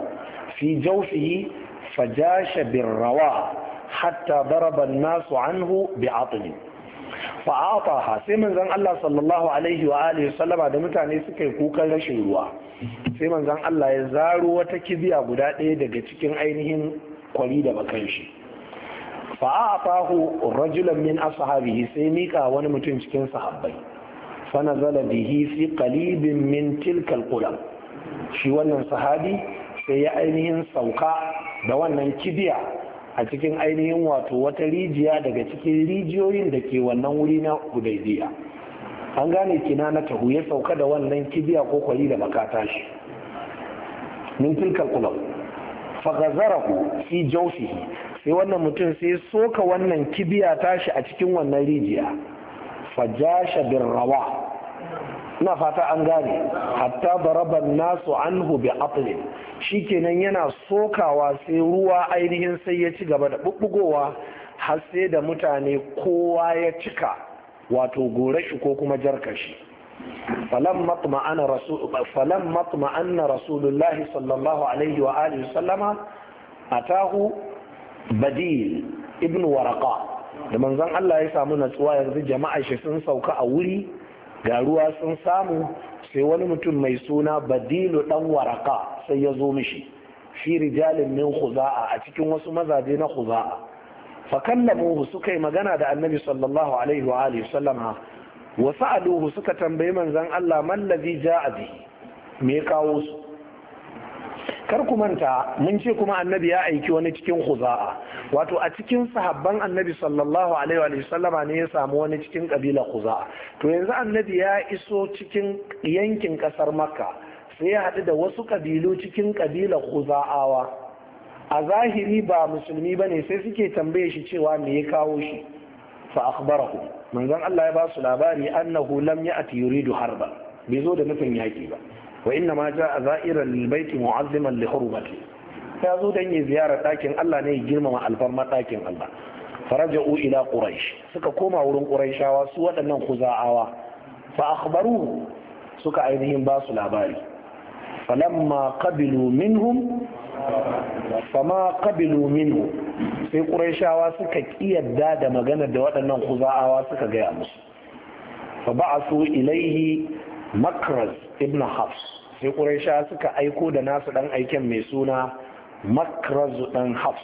fi jawfihi فجاش بالرواء حتى ضرب الناس عنه بعطل fa'ataha sai manzon Allah sallallahu alaihi wa alihi sallama da mutane suka yi kukan rashin ruwa sai manzon Allah ya zaro wata kibiya guda ɗaya daga cikin ainihin kwari da bakan shi fa'atahu rajulan min ashabihi sai mika wani mutum cikin sahabbai fa nazala bihi fi qalibin min tilka alqura shi wannan sahabi sai ya ainihin sauka da wannan kidiya a cikin ainihin wato wata rijiya daga cikin rijiyoyin da ke wannan wuri na hudaidiya an gane kina na tahu ya sauka da wannan kidiya ko kwari da makata shi min tilkal qulub fa fi jawfihi sai wannan mutum sai soka wannan kibiya tashi a cikin wannan rijiya fajasha bin rawa na fata an gane hatta baraban nasu anhu bi shi shikenan yana sokawa sai ruwa ainihin sai ya ci gaba da bubbugowa har sai da mutane kowa ya cika wato gore shi ko kuma jarka shi falan matma'anna rasulullahi sallallahu alaihi wa alihi sallama atahu badil ibn waraka da manzon Allah ya samu natsuwa yanzu jama'a shi sun sauka a wuri ga ruwa sun samu sai wani mutum mai suna badilu dan waraka sai ya zo mishi fi rijalin min khuza'a a cikin wasu mazaje na khuza'a fa kallamuhu suka yi magana da annabi sallallahu alaihi wa alihi sallama wa sa'aluhu suka tambayi manzon Allah man ladhi ja'a bihi me kawo su kar ku manta mun ce kuma annabi ya aiki wani cikin khuza'a wato a cikin sahabban annabi sallallahu alaihi wa sallama ne ya samu wani cikin kabila khuza'a to yanzu annabi ya iso cikin yankin kasar makka sai ya haɗu da wasu kabilu cikin kabila khuza'awa a zahiri ba musulmi bane sai suke tambaye shi cewa me ya kawo shi fa akhbarahu manzon Allah ya ba su labari annahu lam ya'ti yuridu harba bai zo da nufin yaki ba wa mata a ja'a za'iran lil baiti mu'azziman li hurmati zo dan yin ziyarar ɗakin Allah ne ya girmama alfarma matakin Allah faraja'u ila quraish suka koma wurin quraishawa su waɗannan kuza'awa fa akhbaru suka ainihin ba su labari falamma qabilu minhum minhu sai quraishawa suka kiyarda da magana da waɗannan kuza'awa suka gaya musu fa ba'asu ilaihi makraz ibnu hafs sai ƙuraisha suka aiko da nasu ɗan aiken mai suna makrazu ɗan hafs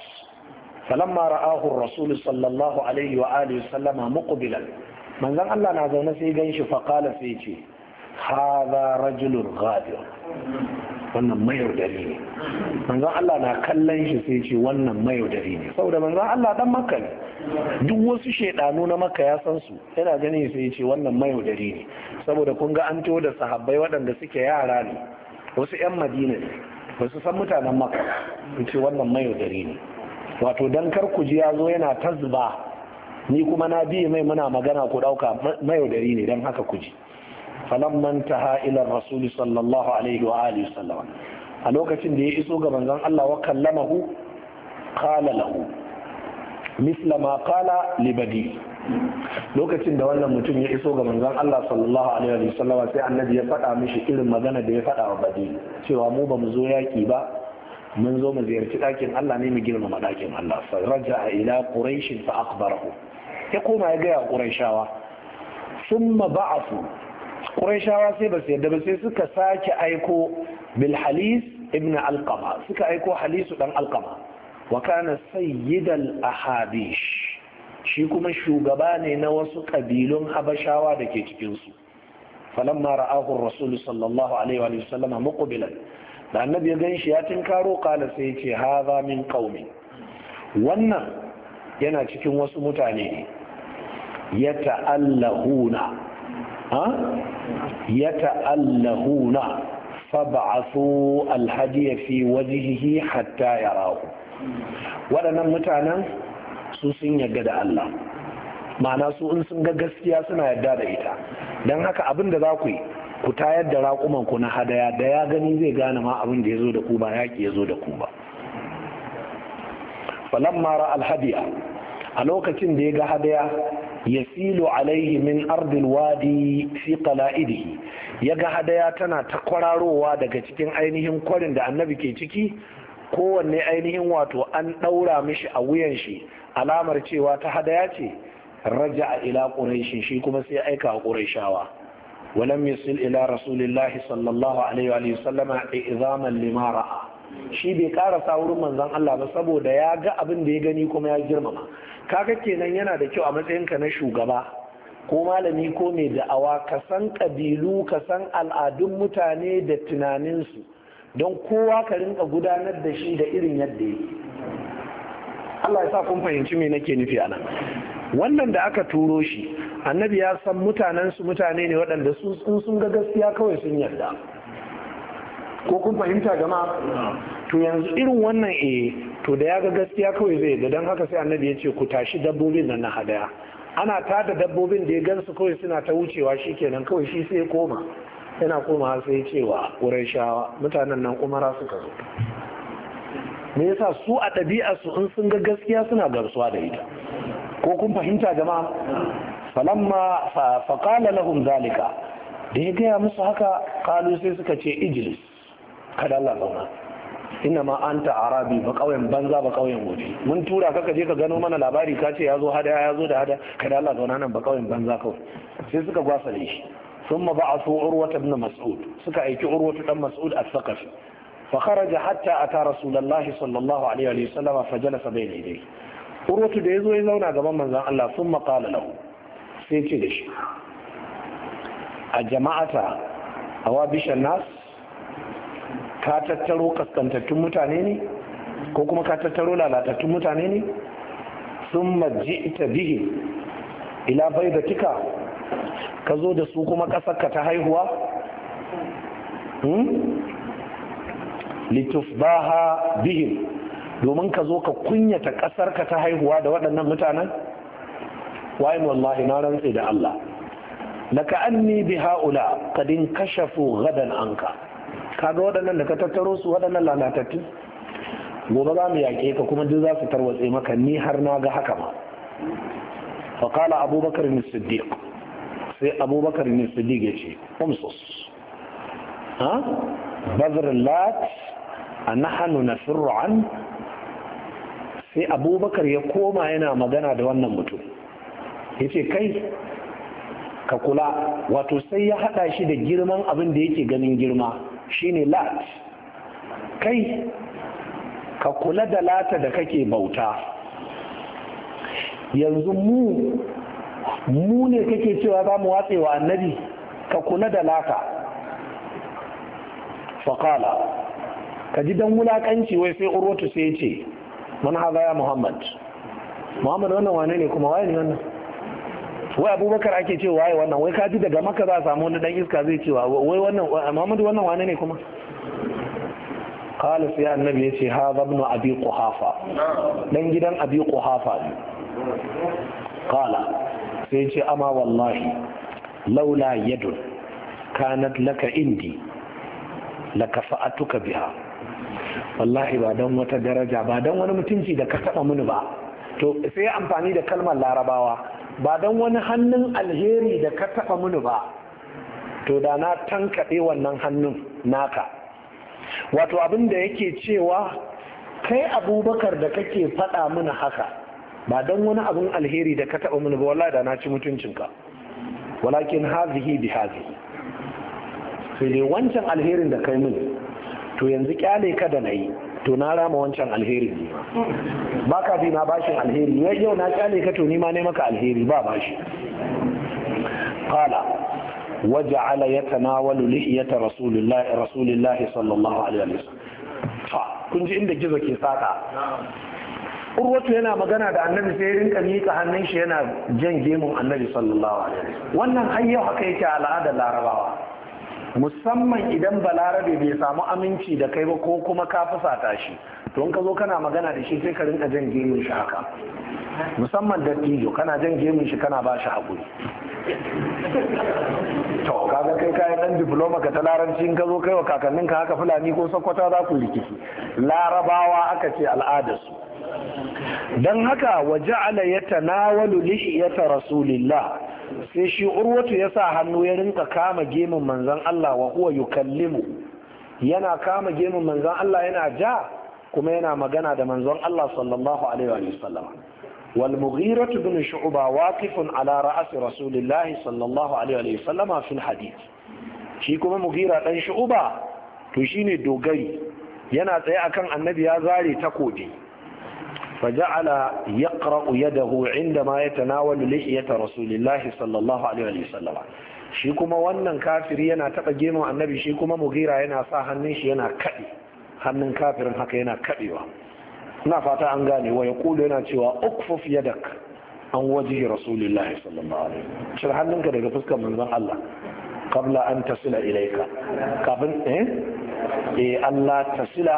Salam ma ra'ahu rasul sallallahu alaihi wa alihi sallama muqbilan manzon Allah na zaune sai ganshi shi faƙala sai ce hada rajulun ghadir wannan mayaudari ne manzon Allah na kallon shi sai ce wannan mayaudari ne saboda manzon Allah dan makka ne duk wasu shedanu na makka ya san su yana ganin sai ce wannan mayaudari ne saboda kun ga an da sahabbai waɗanda suke yara ne wasu 'yan madina ne ba su san mutanen makka sai ce wannan mayaudari ne wato dan kar ku ji ya zo yana tazba ni kuma na biye mai muna magana ku ɗauka mayaudari ne don haka ku ji falamma intaha ila rasul sallallahu alaihi wa alihi wasallam a lokacin da ya iso ga manzon Allah wa kallamahu qala lahu misla ma qala badi lokacin da wannan mutum ya iso ga manzon Allah sallallahu alaihi wa sallam sai annabi ya faɗa mishi irin magana da ya faɗa wa badi cewa mu ba mu zo yaki ba mun zo mu ziyarci ɗakin Allah ne mu girma ɗakin Allah sai raja ila quraish fa akhbarahu ya koma ya ga quraishawa thumma ba'athu ƙurashawa sai ba su yadda ba sai suka sake aiko bilhalis ibn alkama suka aiko halisu ɗan alkama wa kana sayyidal ahabish shi kuma shugaba ne na wasu ƙabilun habashawa da ke cikinsu falamma ra'ahu rasul sallallahu alaihi wa sallam muqbilan da annabi ya ganshi ya tinkaro kala sai ce hadha min qaumi wannan yana cikin wasu mutane ne ya yata'allahuna fab'athu alhadiya fi wajhihi hatta yarahu waɗannan mutanen su sun yarda da Allah ma'ana su in sun ga gaskiya suna yarda da ita don haka abin da za ku yi ku tayar da raƙuman ku na hadaya da ya gani zai gane ma abin da ya zo da ku ba yaƙi ya zo da ku ba falamma ra alhadiya a lokacin da ya ga hadaya yasilu alaihi min ardil wadi fi qala'idihi yaga hadaya tana ta kwararowa daga cikin ainihin kwarin da annabi ke ciki kowanne ainihin wato an ɗaura mishi a wuyan shi alamar cewa ta hadaya ce raja a ila ƙuraishi shi kuma sai aika wa ƙuraishawa walam yasil ila rasulillah sallallahu alaihi wa sallama izaman limara shi bai karasa wurin manzon Allah ba saboda ya ga abin da ya gani kuma ya girmama kaga kenan yana da kyau a matsayinka na shugaba ko malami ko mai da'awa ka san ƙabilu ka san al'adun mutane da tunaninsu don kowa ka rinka gudanar da shi da irin yadda yake Allah ya sa kun fahimci me nake nufi anan wannan da aka turo shi annabi ya san mutanensu mutane ne waɗanda sun sun ga gaskiya kawai sun yarda ko kun fahimta gama to yanzu irin wannan eh to da ya ga gaskiya kawai zai da don haka sai annabi ya ce ku tashi dabbobin nan na hadaya ana tada dabbobin da ya gansu kawai suna ta wucewa shi kawai shi sai koma yana koma sai cewa wurin shawa mutanen nan umara suka zo me yasa su a ɗabi'a su in sun ga gaskiya suna gamsuwa da ita ko kun fahimta jama'a falamma faqala lahum zalika da ya gaya musu haka kalu sai suka ce ijlis kada Allah zauna ina ma anta arabi ba kauyen banza ba kauyen gobe mun tura ka je ka gano mana labari ka ce ya zo hada ya zo da hada kai da Allah zauna nan ba kauyen banza kawai sai suka gwasa da shi thumma ba'athu urwata ibn mas'ud suka aiki urwatu dan mas'ud as-saqafi fa kharaja hatta ata rasulullahi sallallahu alaihi wa sallam fa jalasa bayna yadayhi urwatu da yazo ya zauna gaban manzon Allah thumma qala lahu sai ce da shi a jama'ata awabishan nas ka tattaro kaskantattun mutane ne ko kuma ka tattaro lalatattun mutane ne sun ita bihi ila bai da kika ka zo da su kuma ƙasarka ta haihuwa hmm? litufbaha bihin domin ka zo ka kunyata ƙasarka ta haihuwa da waɗannan mutanen wayin wallahi na rantse da Allah laka anni bi ha'ula kadin kashafu gadan anka kaga waɗannan da ka tattaro su waɗannan lalatattu gobe za mu yaƙe ka kuma duk za su tarwatse maka ni har na ga haka ma faƙala abubakar siddiq sai abubakar siddiq ya ce umsus ha bazar lat a nahanu na firu'an sai abubakar ya koma yana magana da wannan mutum ya ce kai ka kula wato sai ya haɗa shi da girman abin da yake ganin girma shine lat kai ka kula da lata da kake bauta yanzu mu mu ne kake cewa za mu watse wa annabi ka kula da lata faƙala ka ji don wulaƙanci wai sai urwatu sai ce man haza ya muhammad muhammad wannan wane ne kuma wani ne wannan wai abubakar ake ce, waye wannan wai kaji daga maka za a samu wani dan iska zai cewa wai wannan muhammadu wannan wane ne kuma qala sai annabi ce ha ibn abi kuhafa, dan gidan abi kuhafa ne qala sai ce amma wallahi laula yadun kanat laka indi laka fa'atuka biha wallahi ba dan wata daraja ba dan wani mutunci da ka taba mini ba to sai amfani da kalmar larabawa ba don wani hannun alheri da ka taɓa mini ba to da na tankaɗe wannan hannun naka wato abin da yake cewa kai abubakar da kake faɗa mini haka ba don wani abin alheri da ka taɓa mini ba wallahi da na ci mutuncinka walakin hazihi bi hazi, sai dai wancan alherin da kai mini to yanzu kyale ka da na yi to na rama wancan alheri ne ba ka fi na bashin alheri ya yau na kyale ka to ni ma ne maka alheri ba bashi qala waja'ala yatanawalu lihiyata rasulillahi rasulillahi sallallahu alaihi wasallam kun ji inda gizo ke saka urwatu yana magana da annabi sai rinka miƙa hannun shi yana jan gemun annabi sallallahu alaihi wannan har yau haka yake al'adar larabawa musamman idan balarabe bai samu aminci da kai ba ko kuma ka fusata shi to in ka zo kana magana da shi sai ka rinka jan gemin shi haka musamman dattijo kana jan gemin shi kana ba shi haƙuri to kaga kai kayan dan diploma ka ta larabci in ka zo kai wa kakannin ka haka fulani ko sakwata za ku rikici larabawa aka ce al'adarsu don haka waje ala ya tanawalu rasulillah sai shi urwatu ya sa hannu ya rinka kama gemun manzan Allah wa huwa yukallimu yana kama gemun manzan Allah yana ja kuma yana magana da manzon Allah sallallahu alaihi wa sallam wal mughiratu bin shu'ba waqifun ala ra's rasulillahi sallallahu alaihi wa sallam fi hadith shi kuma mughira dan shu'ba to shine dogari yana tsaye akan annabi ya zare takobi فجعل يقرأ يده عندما يتناول لحية رسول الله صلى الله عليه وسلم shi kuma wannan kafiri yana taba gemun annabi shi kuma mugira yana sa hannun shi yana kaɗi hannun kafirin haka yana kaɗewa ina fata an gane wa yaqulu yana cewa ukfuf yadak an wajihi rasulullahi sallallahu alaihi wasallam shir hannunka daga fuskar manzon Allah qabla an tasila ilayka kafin eh eh Allah tasila